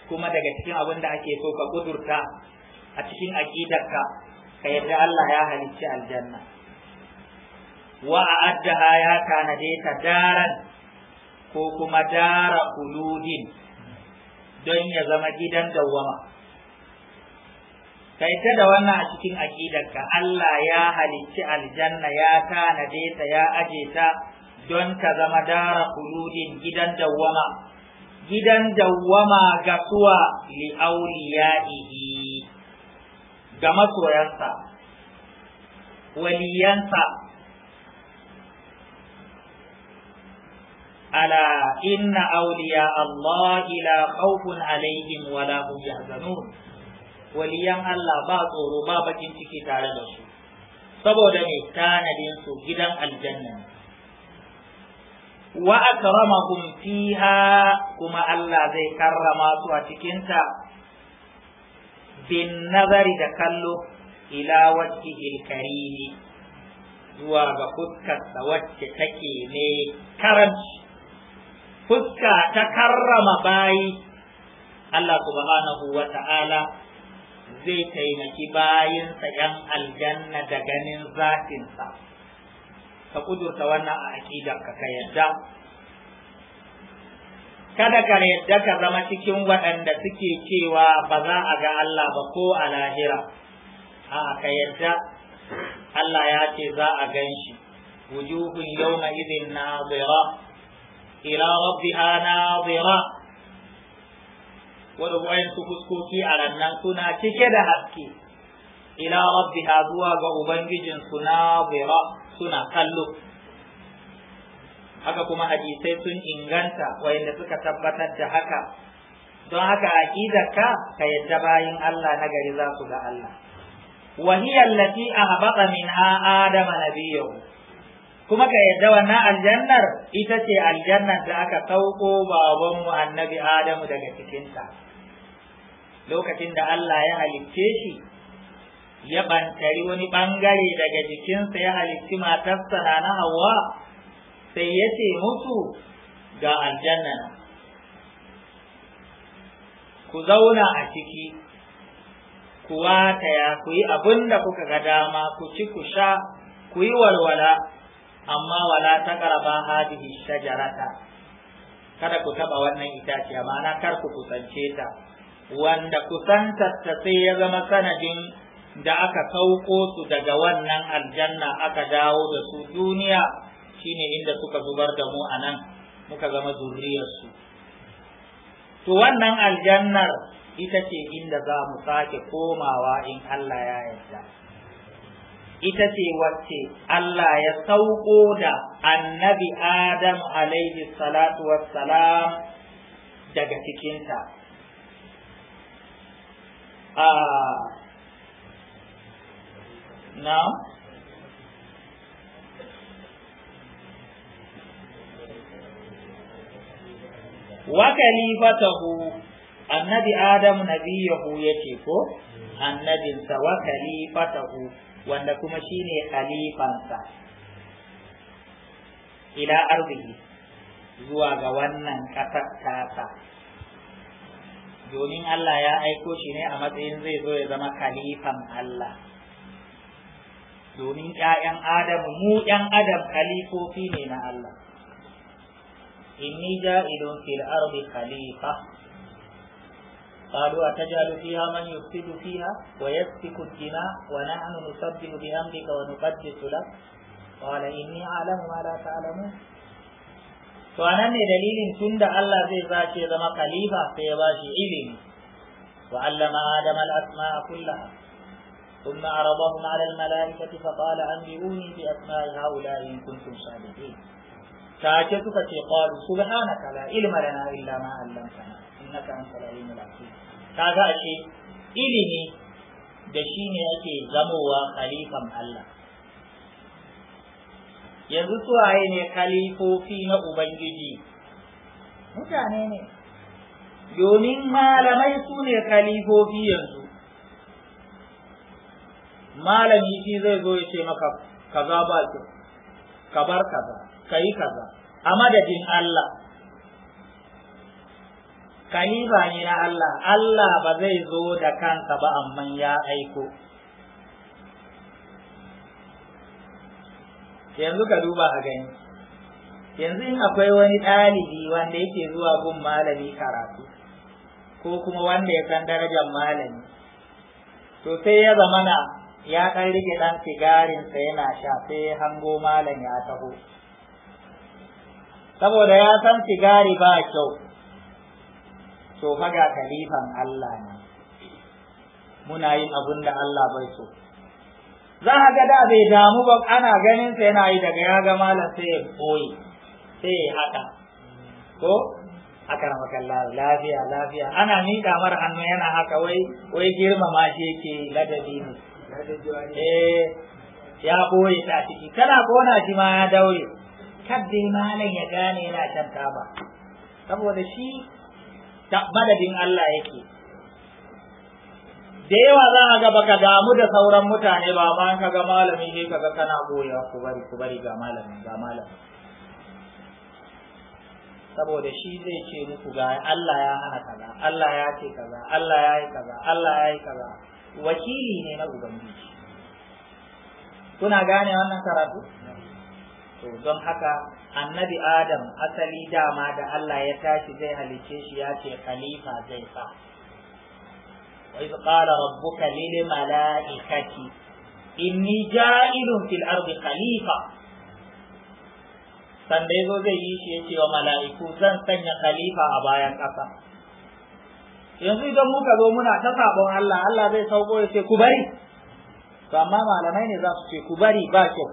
kuma daga cikin abin da ake so ka kudurta a cikin aqidarka ka yadda Allah ya halicci aljanna wa a'addaha ya tanade ta daran ko kuma dara kuludin don ya zama gidan dawwama kai ta da wannan a cikin aqidarka Allah ya halicci aljanna ya tanade ta ya ajeta ta don ta zama dara khuludin gidan dawwama gidan dawwama ga suwa li auliya'ihi ga masoyansa waliyansa ala inna auliya Allah ila khawfun alaihim wala hum yahzanun waliyan Allah ba tsoro ba bakin ciki tare da su saboda ne tanadinsu gidan aljanna wa akramakum fiha kuma Allah zai karrama su a cikinta bin nazari da kallo ila wajhihil karimi zuwa ga fuskarsa wacce take ne karanci fuska ta karrama bayi Allah subhanahu wa ta'ala zai taimaki bayinsa ‘yan aljanna da ganin zafinsa. ka kudurta wannan a aqidarka ka yadda kada ka yadda ka zama cikin waɗanda suke cewa ba za a ga Allah ba ko a lahira a ka yadda Allah ya ce za a gan shi wujuhun yawma idhin nadira ila rabbiha nadira wadda wayan su fuskoki a rannan suna cike da haske ila rabbiha zuwa ga ubangijin su nadira suna kallo haka kuma hadisai sun inganta wayanda suka tabbatar da haka don haka aqidarka ka ka yadda bayin Allah na gari za su ga Allah wa hiya allati ahbata minha adama nabiyyu kuma ka yadda wannan aljannar ita ce aljannar da aka sauko babanmu annabi adamu daga cikinta lokacin da Allah ya halicce shi ya bantari wani bangare daga jikinsa ya halitti matarsa na na hawa sai ya ce musu ga aljanna ku zauna a ciki ku wataya ku yi abin da kuka ga dama ku ci ku sha ku yi walwala amma wala ta karaba hadihi shajarata kada ku taba wannan itaciya ma'ana kar ku kusance ta wanda kusantar ta sai ya zama sanadin da aka sauko su daga wannan aljanna aka dawo da su duniya shine inda suka zubar da mu a nan muka zama zuriyarsu. to wannan aljannar ita ce inda za mu sake komawa in Allah ya yarda ita ce wacce Allah ya sauko da annabi Adam alaihi salatu wassalam daga cikinta. Ah, Now, wa hu, annabi Adamu nabiyahu ce, ko annabinsa wa hu, wanda kuma shi ne khalifansa ila arziki zuwa ga wannan ƙasar tasa domin Allah ya aiko shi ne a matsayin zai zo ya zama khalifan Allah domin ‘ya’yan adamu mu ‘yan adam kalifofi ne na Allah. Inni ja idon fil ardi khalifa qalu atajalu fiha man yufsidu fiha wa yasfiku dima wa nahnu nusabbihu bi amrika wa nuqaddisu lak qala inni a'lamu ma la ta'lamu to anan ne dalilin tunda Allah zai zace zama khalifa sai ya bashi ilimi wa allama adama al asma'a kullaha ثم عرضهم على الملائكة فقال أنبئوني بأسماء هؤلاء إن كنتم صادقين take suka ce qalu subhanaka la ilma lana illa ma 'allamtana innaka antal alimul hakim kaga ashe ilimi da shi ne ake zamowa khalifan Allah yanzu ne kalifofi na ubangiji mutane ne domin malamai su ne yanzu malami shi zai zo ya ce maka kaza ba ce ka bar kaza ka yi kaza a madadin Allah kalifa ne na Allah Allah ba zai zo da kansa ba amma ya aiko yanzu ka duba a gani yanzu in akwai wani ɗalibi wanda yake zuwa gun malami karatu ko kuma wanda ya san darajar malami to sai ya zama zamana ya ɗan rike ɗan sigarinsa yana sha sai hango malam ya taho saboda ya san sigari ba kyau to faga kalifan Allah ne muna yin abun da Allah bai so za a ga da bai damu ba ana ganin sa yana yi daga ya ga malam sai ya koyi sai ya haka ko a karamakan lafiya lafiya ana miƙa mara hannu yana haka wai wai girmama shi yake ladabi ne eh ya boye ta ciki kana kona shi ma ya daure kadai malam ya gane yana shan taba saboda shi madadin Allah yake da yawa za a ga baka damu da sauran mutane ba ma ka ga malami ne ka ga kana boyewa ku bari ku bari ga malami ga malami saboda shi zai ce muku ga Allah ya hana kaza Allah ya ce kaza Allah ya yi kaza Allah ya yi kaza wakili ne na ubangiji kuna gane wannan karatu to don haka annabi adam asali dama da Allah ya tashi zai halice shi ya ce khalifa zai sa wa iz qala rabbuka lil malaikati inni ja'ilun fil ardi khalifa sanda yazo zai yi shi ya cewa mala'iku zan sanya khalifa a bayan ƙasa yanzu idan muka zo muna ta sabon Allah Allah zai sauko ya ce ku bari to amma malamai ne za su ce ku bari ba kyau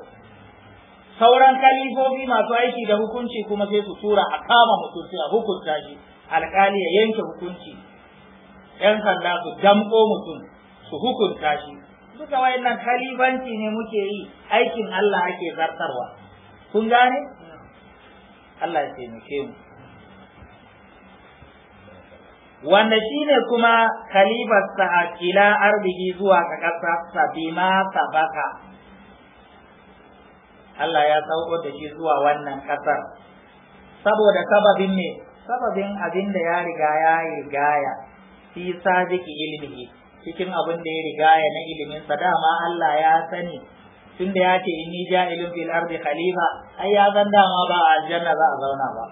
sauran kalifofi masu aiki da hukunci kuma sai su tura a kama mutum sai a hukunta shi alƙali ya yanke hukunci yan sanda su damƙo mutum su hukunta shi duka wayannan kalibanci ne muke yi aikin Allah ake zartarwa kun gane mm. Allah ya taimake mu wanda ne kuma khalifarsa a kila arziki zuwa ga ƙasa bima sabaka Allah ya sauko da shi zuwa wannan ƙasar saboda sababin ne sababin abin da ya riga ya rigaya fi jiki ilmihi cikin abin da ya rigaya na iliminsa, sa dama Allah ya sani tunda ya ce inni ja'ilun fil ardi khalifa ai ya san dama ba aljanna za a zauna ba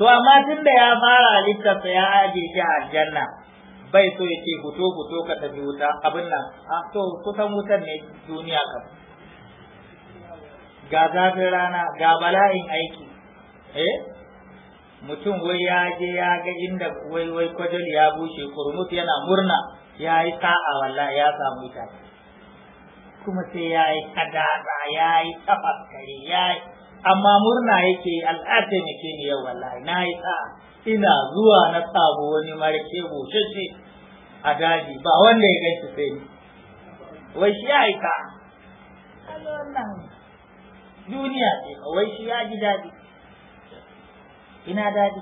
to amma tun da ya fara halittarsa ya aje shi a aljanna bai so ya ce fito fito ka tafi wuta abin nan a ah, to kusan wutan ne duniya kam ga zafin rana ga bala'in aiki eh mutum wai ya je ya ga inda wai wai kwajal ya bushe kurmut yana murna ya yi sa'a walla ya samu ita kuma sai ya yi kadada ya yi tafaskari ya yi amma murna yake al'ada ne ke ni yau wallahi na yi sa ina zuwa na tsabo wani marke bushashe a daji ba wanda ya ganci sai ni wai shi ya yi ka duniya ce wai shi ya ji daɗi ina daɗi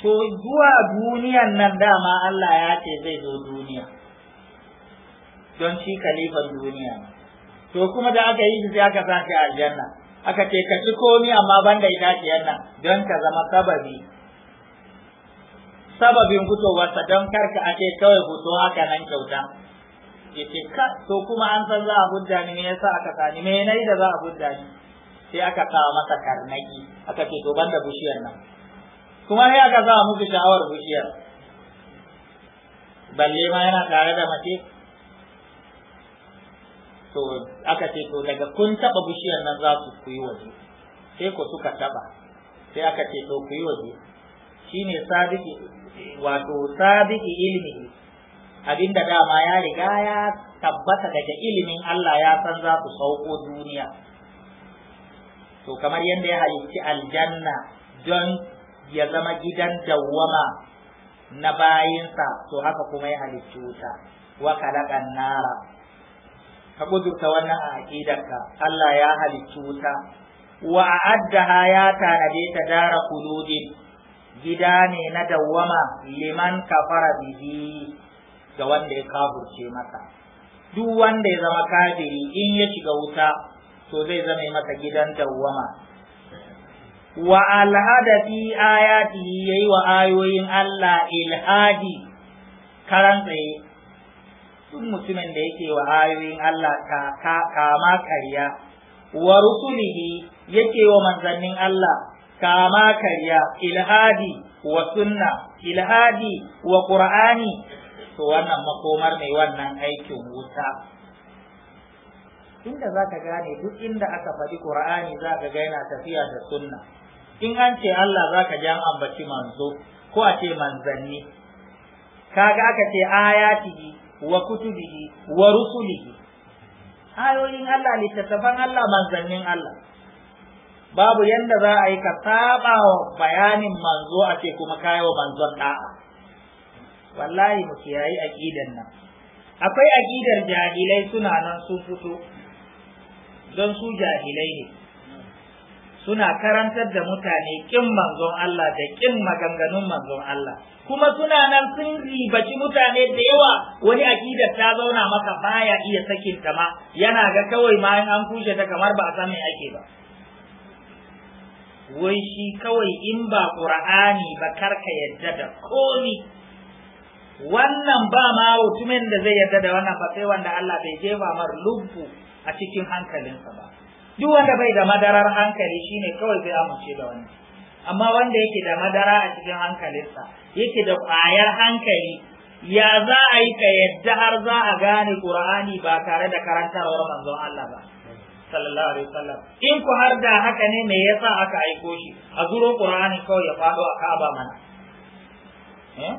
to zuwa duniyan nan dama Allah ya ce zai zo duniya don shi kalifan duniya ne to kuma da aka yi sai aka sa a aljanna aka ce ka ci komi amma banda itaciyar yanna don ka zama sababi sababin fitowarsa don karka a ce kawai fito haka nan kyauta ya ce ka to kuma an san za a hudda ni me yasa aka sani me yi da za a hudda ni sai aka kawo masa karnaki aka ce to banda bushiyar nan kuma sai aka sa musu sha'awar bushiyar balle ma yana tare da mace to aka ce to daga kun taba bishiyar nan za su kuyi waje sai ku suka taba sai aka ce to kuyi waje shine sabiki wato sabiki ilimi abinda dama ya riga ya tabbata daga ilimin Allah ya san za ku sauko duniya to kamar yadda ya halicci aljanna don ya zama gidan dawwama na bayinsa to haka kuma ya halicci wuta wa kalaqan nara ka kudurta wannan a aƙidanka Allah ya halicci wuta wa a'addaha ya tanade ta dara kuludin gida ne na dawwama liman kafara bihi ga wanda ya kafurce masa duk wanda ya zama kafiri in ya shiga wuta to zai zama masa gidan dawwama wa alhada fi ayatihi yayi wa ayoyin Allah ilhadi karan tsaye mutumin da yake wa ayoyin Allah kama karya wa rusulihi yake wa manzannin Allah kama karya ilhadi wa sunna ilhadi wa qur'ani to wannan makomar mai wannan aikin wuta inda za ka gane duk inda aka faɗi ƙur'ani za ka ga yana tafiya da sunna in an ce Allah za ka an ambaci manzo ko a ce manzanni kaga aka ce ayati wa kutubihi wa rusulihi ayoyin Allah littattafan Allah manzannin Allah babu yanda za a yi ka saba wa bayanin manzo a ce kuma kayi wa manzon da'a wallahi mu kiyayi aqidan nan akwai aqidar jahilai suna nan sun fito don su jahilai ne suna karantar da mutane kin manzon Allah da kin maganganun manzon Allah kuma suna nan sun ribaci mutane da yawa wani akidar ta zauna maka baya iya sakin ta ma yana ga kawai ma an kushe ta kamar ba a san me ake ba wai shi kawai in ba qur'ani ba karka yadda da komi wannan ba ma mutumin da zai yadda da wannan ba sai wanda Allah bai jefa mar lubbu a cikin hankalinsa ba duk wanda bai da madarar hankali shine kawai zai amince da wannan amma wanda yake da madara a cikin hankalinsa yake da ƙwayar hankali ya za a yi ka yadda har za a gane qur'ani ba tare da karantarwar manzon Allah ba sallallahu alaihi wasallam in ku har da haka ne me yasa aka aiko shi a zuro qur'ani kawai ya fado a Ka'aba mana eh?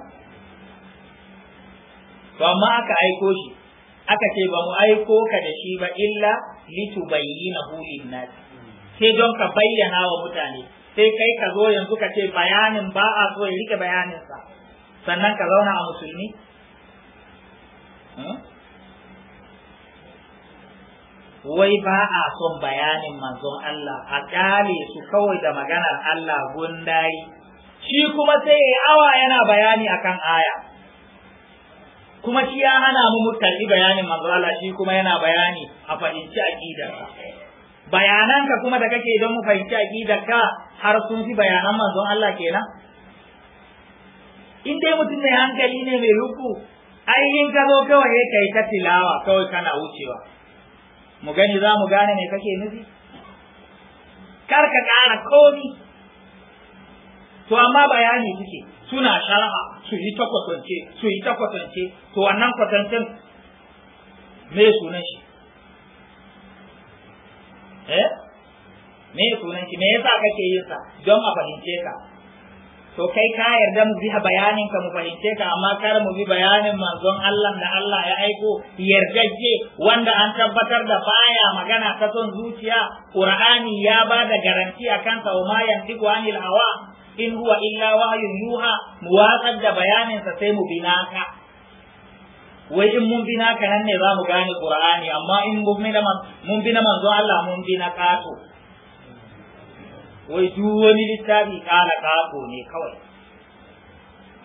to amma aka aiko shi aka ce ba mu aiko ka da shi ba illa litubayyinahu linnas sai don ka bayyana wa mutane sai kai ka zo yanzu ka ce bayanin ba a so ya rike sa sannan ka zauna a musulmi hmm? wai ba a son bayanin manzon Allah a kale su kawai da maganar Allah gundayi shi kuma sai ya awa yana bayani akan aya kuma shi ya hana mu mutane bayanin manzo shi kuma yana bayani a fahimci bayanan bayananka kuma da kake don mu fahimci ka har sun fi bayanan manzon Allah kenan in dai mutum mai hankali ne mai ruku ainihin ka zo kawai ya kai ta tilawa kawai kana wucewa mu gani za mu gane me kake nufi kar ka ƙara komi to amma bayani suke suna sharha su yi ta kwatance su yi ta kwatance to wannan kwatancen me sunan shi eh me sunan shi me yasa kake yin sa don a fahimce ka to kai ka yarda mu bi bayanin ka mu fahimce ka amma kar mu bi bayanin manzon Allah da Allah ya aiko yardaje wanda an tabbatar da baya magana ta son zuciya Qur'ani ya ba da garanti akan sa ma tiku anil hawa in huwa illa wahyun yuha mu watsar da bayaninsa sai mu binaka wai in mun bina ka nan ne za mu gane qur'ani amma in mun bina mun bina zo Allah mun bina to wai duk wani littafi kala kato ne kawai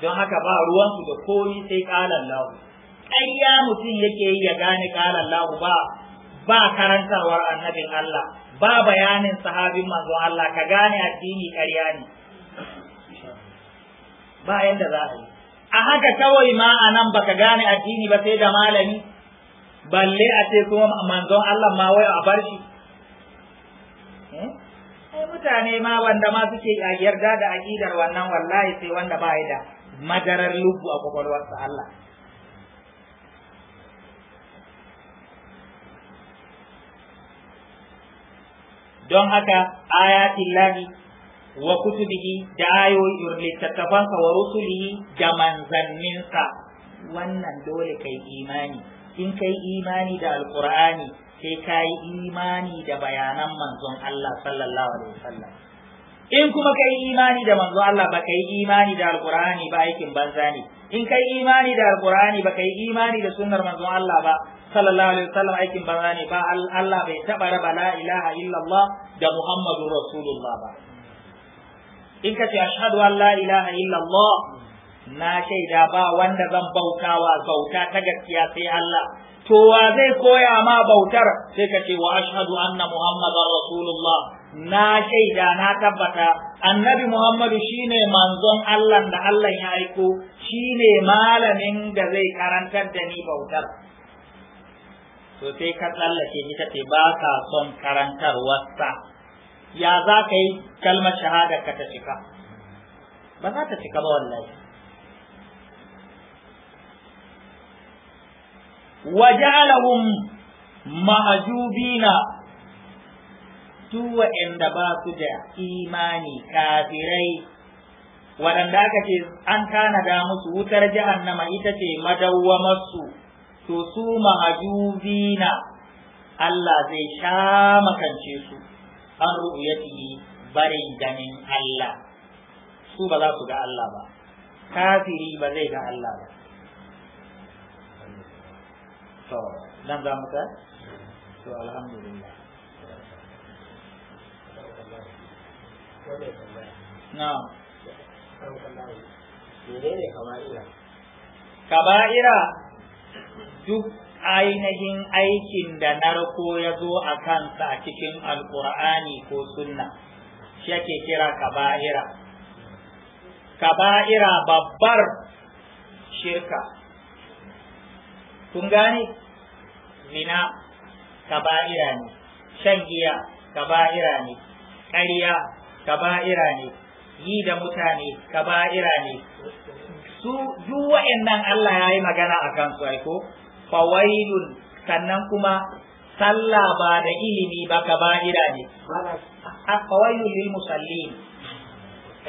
don haka ba ruwansu da komi sai kalan Allah ayya mutum yake yi ya gane kalan Allah ba ba karantarwar annabin Allah ba bayanin sahabin manzon Allah ka gane addini ƙarya ne ba yanda za a yi a haka kawai ma a nan baka gane addini ba sai da malami balle a ce kuma manzon Allah ma wai a bar shi eh? ai mutane ma wanda ma suke a yarda da aqidar wannan wallahi sai wanda ba ya da madarar lubu a kwakwalwarsa Allah don haka ayatin lahi wa kutubihi da ayoyin littattafansa wa rusulihi da manzanninsa wannan dole kai imani in kai imani da alqur'ani sai kai imani da bayanan manzon Allah sallallahu alaihi wasallam in kuma kai imani da manzon Allah ba kai imani da alqur'ani ba aikin banza ne in kai imani da alqur'ani ba kai imani da sunnar manzon Allah ba sallallahu alaihi wasallam aikin banza ne ba Allah bai taba raba la ilaha illallah da muhammadur rasulullah ba in ka ce ashhadu an la ilaha illallah na shaida ba wanda zan bautawa bauta ta gaskiya sai Allah to wa zai koya ma bautar sai ka ce wa ashhadu anna muhammadar rasulullah na shaida na tabbata annabi muhammadu shine manzon Allah da Allah ya aiko shine malamin da zai karantar da ni bautar to sai ka tsallake ni ce ba ka son karantarwarsa ya za ka yi kalmar shahada ka ta cika ba za ta cika ba wallahi wa ja'alahum mahjubina duwa inda ba su da imani kafirai waɗanda aka ce an tanada musu wutar jahannama ita ce madawwamarsu to su mahajubina Allah zai sha makance su an ru'yatihi barin ganin Allah su ba za su ga Allah ba kafiri ba zai ga Allah ba to nan za mu ta to alhamdulillah na kaba'ira duk ainihin aikin da narko ya zo a kansa a cikin alkur'ani ko sunna shi ake kira kaba'ira kaba'ira babbar shirka kun gane zina kaba'ira ne shan giya kaba'ira ne ƙarya kaba'ira ne yi da mutane kaba'ira ne su duwa'in nan Allah ya yi magana a kansu aiko fawailun sannan kuma sallah ba da ilimi ba kaba'ira ne fawailun lil musallin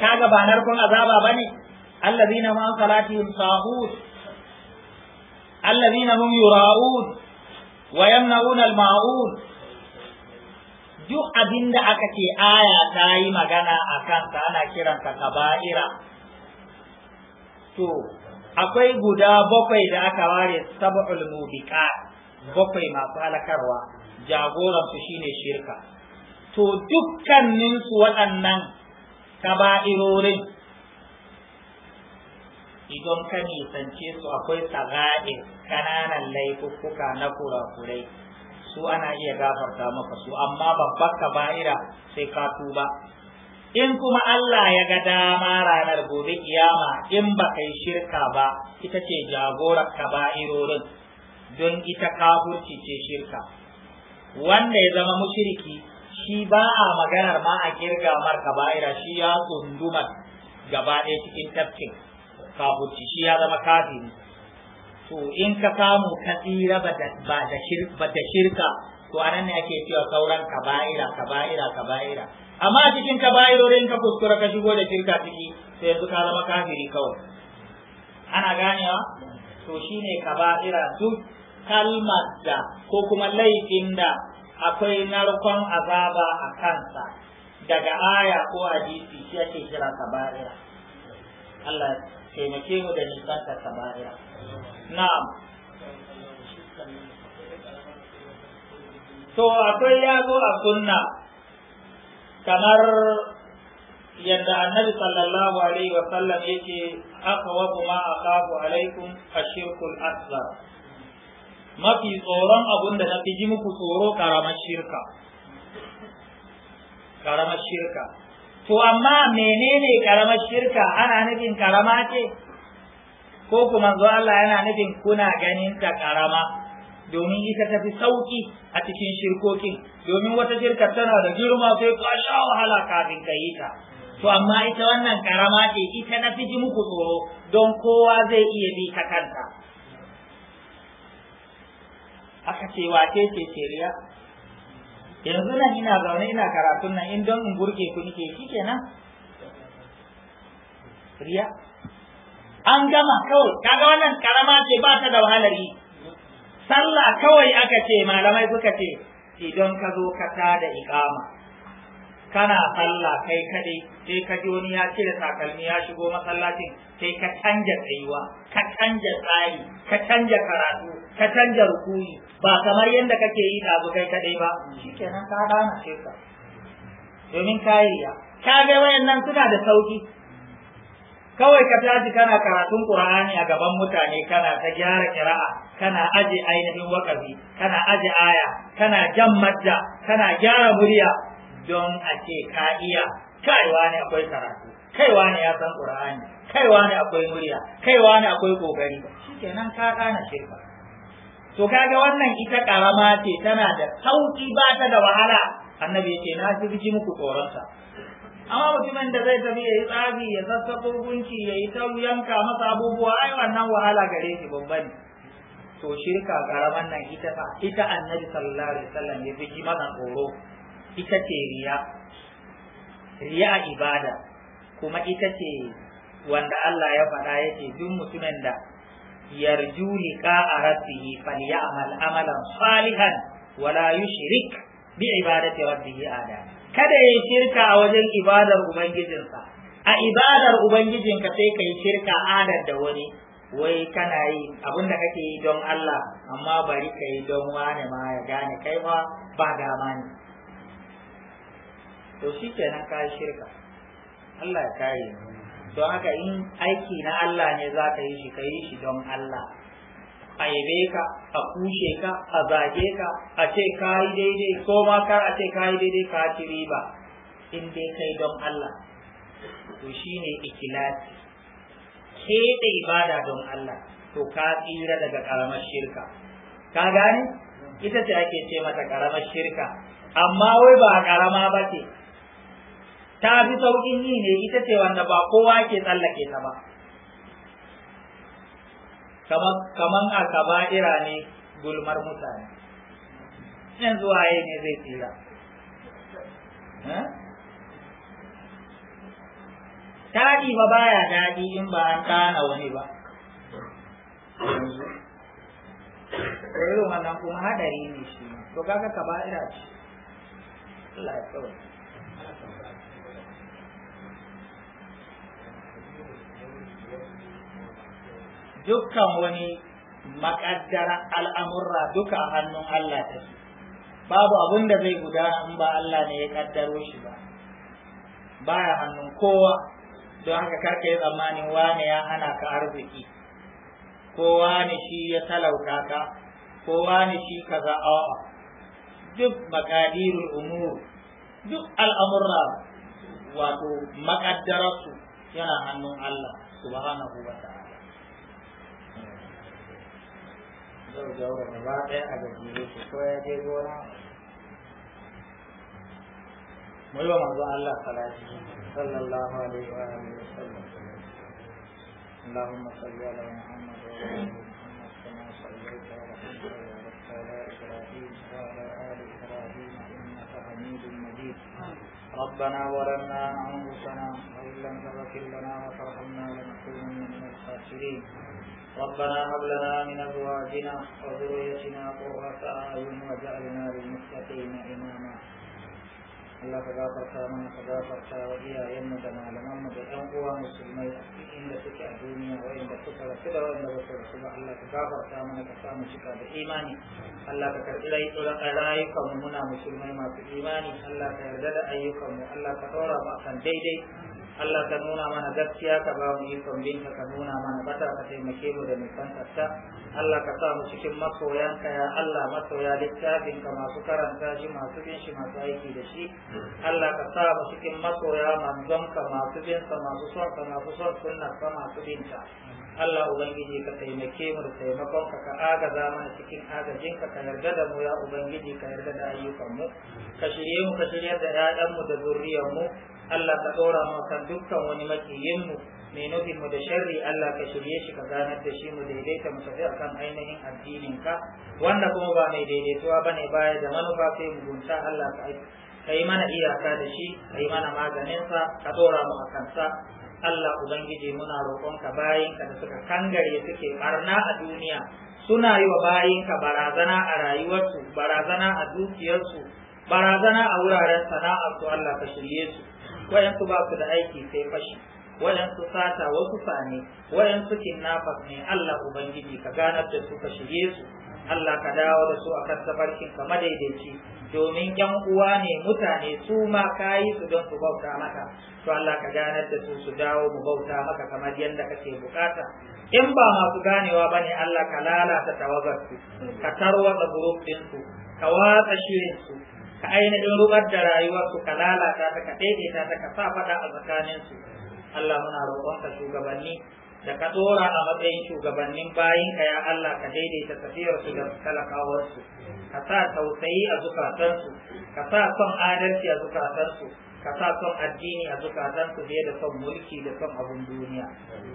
kaga ba narkon azaba bane allazina ma salatihim sahud allazina hum yura'un wa yamna'un al-ma'un duk abinda aka ce aya ta yi magana a kansa ana kiransa kaba'ira to akwai guda bakwai da aka ware sab'ul mubiqa bakwai masu halakarwa jagoran su shine shirka to dukkanin su waɗannan kaba'irorin idan ka nisance su akwai tsaga'ir kananan laifuffuka na kurakurai su ana iya gafarta maka su amma babbar kaba'ira sai ka tuba in kuma Allah ya ga dama ranar gobe kiyama in ba kai shirka ba ita ce jagorar kaba'irorin don ita kafurci ce shirka wanda ya zama mushriki shi ba a maganar ma a kirga mar kaba'ira shi ya tsunduma gaba ɗaya cikin tafkin kafurci shi ya zama kafiri to in ka samu ka tsira ba da shirka to anan ne ake cewa sauran kaba'ira kaba'ira kaba'ira amma a cikin kaba'irorin ka kuskura ka shigo da shirka ciki sai yanzu ka zama kafiri kawai ana ganewa to shi ne kaba'ira duk kalmar da ko kuma laifin da akwai narkon azaba a kansa daga aya ko hadisi shi ake kira kaba'ira Allah taimake mu da nisan kaba'ira na'am to akwai ya zo a sunna kamar yadda annabi sallallahu alaihi wa sallam yake wa kuma a kafu, alaikum shirkul asghar mafi tsoron abun da nafi ji muku tsoro karamar shirka karamar shirka to amma menene karamar shirka ana nufin karama ce ko kuma zo Allah yana nufin kuna ganin ta karama domin ita ta fi sauki a cikin shirkokin domin wata shirka tana da girma sai ka sha wahala kafin ka yi ta to amma ita wannan karama ce ita na fi muku tsoro don kowa zai iya bi ta kanta aka ce ke ce shari'a yanzu nan ina zaune ina karatun nan in don in burge ku nike shi kenan riya an gama kawai kaga wannan karama ce ba ta da wahalar yi sallah kawai aka ce malamai suka ce idan ka zo ka tada iqama kana sallah kai kaɗai sai ka ji wani ya cire takalmi ya shigo masallacin sai ka canja tsayuwa ka canja tsari ka canja karatu ka canja rukuni. ba kamar yadda kake yi zo kai kaɗai ba shikenan ka dana ce ka domin kariya ka ga wayannan suna da sauki kawai ka tashi kana karatun qur'ani a gaban mutane kana ta gyara kira'a kana aje ainihin wakafi kana aje aya kana jan madda kana gyara murya don a ce ka iya kaiwa ne akwai karatu kaiwa ne ya san qur'ani kaiwa ne akwai murya kaiwa ne akwai kokari shikenan ka kana shirka to kaga wannan ita karama ce tana da sauki ba ta da wahala annabi yake na ji muku tsoronsa amma mutumin da zai tafi yayi tsabi ya sassaƙo gunki yayi ta yanka masa abubuwa ai wannan wahala gare shi babban to shirka karaman nan ita fa ita annabi sallallahu alaihi wasallam ya fi mana tsoro ita ce riya riya ibada kuma ita ce wanda Allah ya faɗa yake duk mutumin da yarju liqa rabbihi falyamal amalan salihan wala yushrik bi ibadati rabbihi ahada kada ya yi shirka a wajen ibadar ubangijinsa a ibadar ubangijinka sai ka yi shirka adar da wani wai kana yi abinda da kake yi don Allah amma bari ka yi don wani ma ya gane kai ma ba dama ne to shi kenan ka yi shirka Allah ya kare don haka in aiki na Allah ne za ka yi shi ka yi shi don Allah a yabe ka a kushe ka a zage ka a ce ka yi daidai ko ma kar a ce ka yi daidai ka ci riba in dai kai don Allah to shine ikilasi da ibada don Allah to ka tsira daga karamar shirka ka gane ita ce ake ce mata karamar shirka amma wai ba karama ba ce ta fi sauƙin yi ne ita ce wanda ba kowa ke tsallake ta ba kaman a kaba'ira ne gulmar mutane zuwa yi ne zai tsira eh? daɗi ba baya daɗi in ba an kana wani ba irin nan kuma haɗari ne shi to kaga kaba'ira ce Allah ya dukkan wani makaddara al'amurra duka a hannun Allah ta babu abin da zai guda in ba Allah ne ya kaddaro shi ba baya hannun kowa don haka karka yi tsammanin wane ya hana ka arziki ko wane shi ya talauta ka ko wane shi ka za'awa. duk makadirul umur duk al'amurra wato makaddararsu yana hannun Allah subhanahu wa ta'ala zai da ba ɗaya a gajere shi ko ya je gona yi wa Allah salati sallallahu alaihi wa alihi wa sallam اللهم صل على محمد وعلى محمد كما صليت على محمد وعلى ربنا ظلمنا أنفسنا وإن لم تغفر لنا وترحمنا لنكونن من الخاسرين ربنا هب لنا من أزواجنا وذريتنا قرة أعين واجعلنا للمتقين إماما Allah ka gafarta mana gafarta wa iyayenmu da malamanmu da ɗan uwa musulmai inda suke a duniya wa'inda suka rasu da wa'inda ba su rasu ba Allah ka gafarta mana ka sa mu cika da imani Allah ka karɓi rayukanmu muna musulmai masu imani Allah ka yarda da ayyukanmu Allah ka ɗora mu akan daidai Allah ka nuna mana gaskiya ka ba mu ikon binka ka nuna mana bata ka taimake mu da nisantar ta Allah ka sa mu cikin masoyanka ya Allah masoya littafin ka masu karanta shi masu bin shi masu aiki da shi Allah ka sa mu cikin masoya manzon ka masu bin sa masu son ka masu son sunnar ka masu bin ta Allah Ubangiji ka taimake mu da taimakon ka ka agaza mana cikin agajin ka ka yarda da mu ya Ubangiji ka yarda da ayyukan mu ka shirye mu ka shirye da 'ya'yan mu da zuriyar mu Allah ka ɗora mu kan dukkan wani makiyinmu mai nufin mu da sharri Allah ka shirye shi ka ganar da shi mu daidaita mu tafi akan ainihin addinin ka wanda kuma ba mai daidaituwa bane baya da manufa sai mu gunta Allah ka ka yi mana iyaka da shi ka yi mana maganinsa ka ɗora mu a kansa Allah Ubangiji muna roƙonka ka da suka kangare suke barna a duniya suna yi wa bayinka barazana a rayuwarsu barazana a dukiyarsu barazana a wuraren su Allah ka shirye su Waɗansu ba su da aiki sai fashi wayansu sata wasu sane wayansu kinnafas ne Allah ubangiji ka ganar da su ka shige su Allah ka dawo da su a kan tafarkin ka madaidaici domin yan uwa ne mutane su ma yi su don su bauta maka to Allah ka ganar da su su dawo mu bauta maka kamar yadda kake bukata in ba masu ganewa bane Allah ka lalata tawagar ka tarwatsa group din ka watsa shirin su ka ainihin rubar da rayuwarsu ka lalata ta ka daidaita ta ka sa faɗa a tsakaninsu Allah muna roƙonka shugabanni da ka dora a matsayin shugabannin bayinka ya Allah ka daidaita su da talakawarsu ka sa tausayi a zukatansu ka sa son adalci a zukatansu ka sa son addini a zukatansu fiye da son mulki da son abun duniya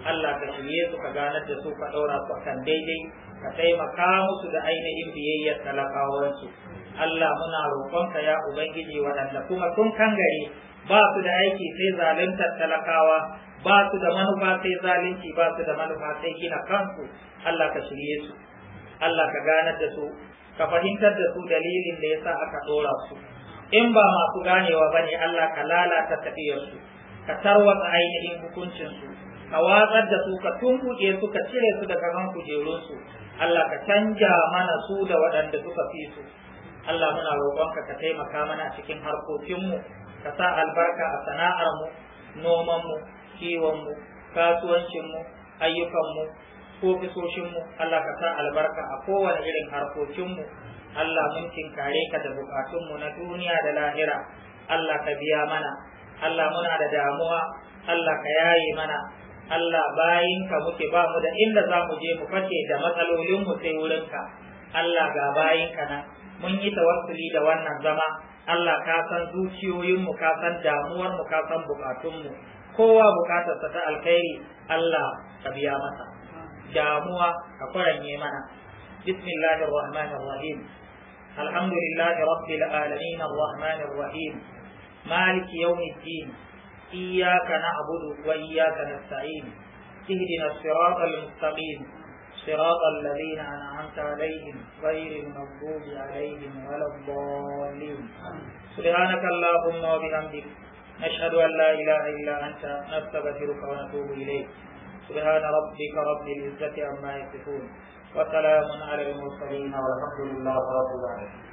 Allah ka shirye su ka ganar da su ka ɗora su kan daidai ka taimaka musu da ainihin biyayyar talakawarsu Allah muna roƙonka ya Ubangiji waɗanda kuma sun kangare ba su da aiki sai zaluntar talakawa ba su da manufa sai zalunci ba su da manufa sai gina kansu Allah ka shirye su Allah ka ganar da su ka fahimtar da su dalilin da yasa aka ɗora su in ba masu ganewa ba ne Allah ka lalata tafiyarsu ka tarwatsa ainihin hukuncinsu ka watsar da su ka tunkuɗe su ka cire su daga kan kujerunsu Allah ka canja mana su da waɗanda suka fi su Allah muna roƙonka ka taimaka mana cikin harkokinmu ka sa albarka a sana'armu nomanmu kiwonmu kasuwancinmu ayyukanmu ofisoshinmu Allah ka sa albarka a kowane irin harkokinmu Allah mun tinkare ka da bukatunmu na duniya da lahira Allah ka biya mana Allah muna da damuwa Allah ka yaye mana Allah bayinka muke ba mu da inda za mu je mu fake da matsalolinmu sai wurinka Allah ga bayinka nan mun yi tawassuli da wannan zama Allah ka san zuciyoyinmu ka san damuwarmu ka san bukatunmu kowa bukatarsa ta alkhairi Allah ka biya masa damuwa ka kwaranye mana bismillahir rahmanir rahim alhamdulillahi rabbil alamin arrahmanir rahim maliki yawmiddin iyyaka na'budu wa iyyaka nasta'in ihdina siratal mustaqim صراط الذين أنعمت عليهم غير المغضوب عليهم ولا الضالين سبحانك اللهم وبحمدك نشهد أن لا إله إلا أنت نستغفرك ونتوب إليك سبحان ربك رب العزة عما يصفون وسلام على المرسلين والحمد لله رب العالمين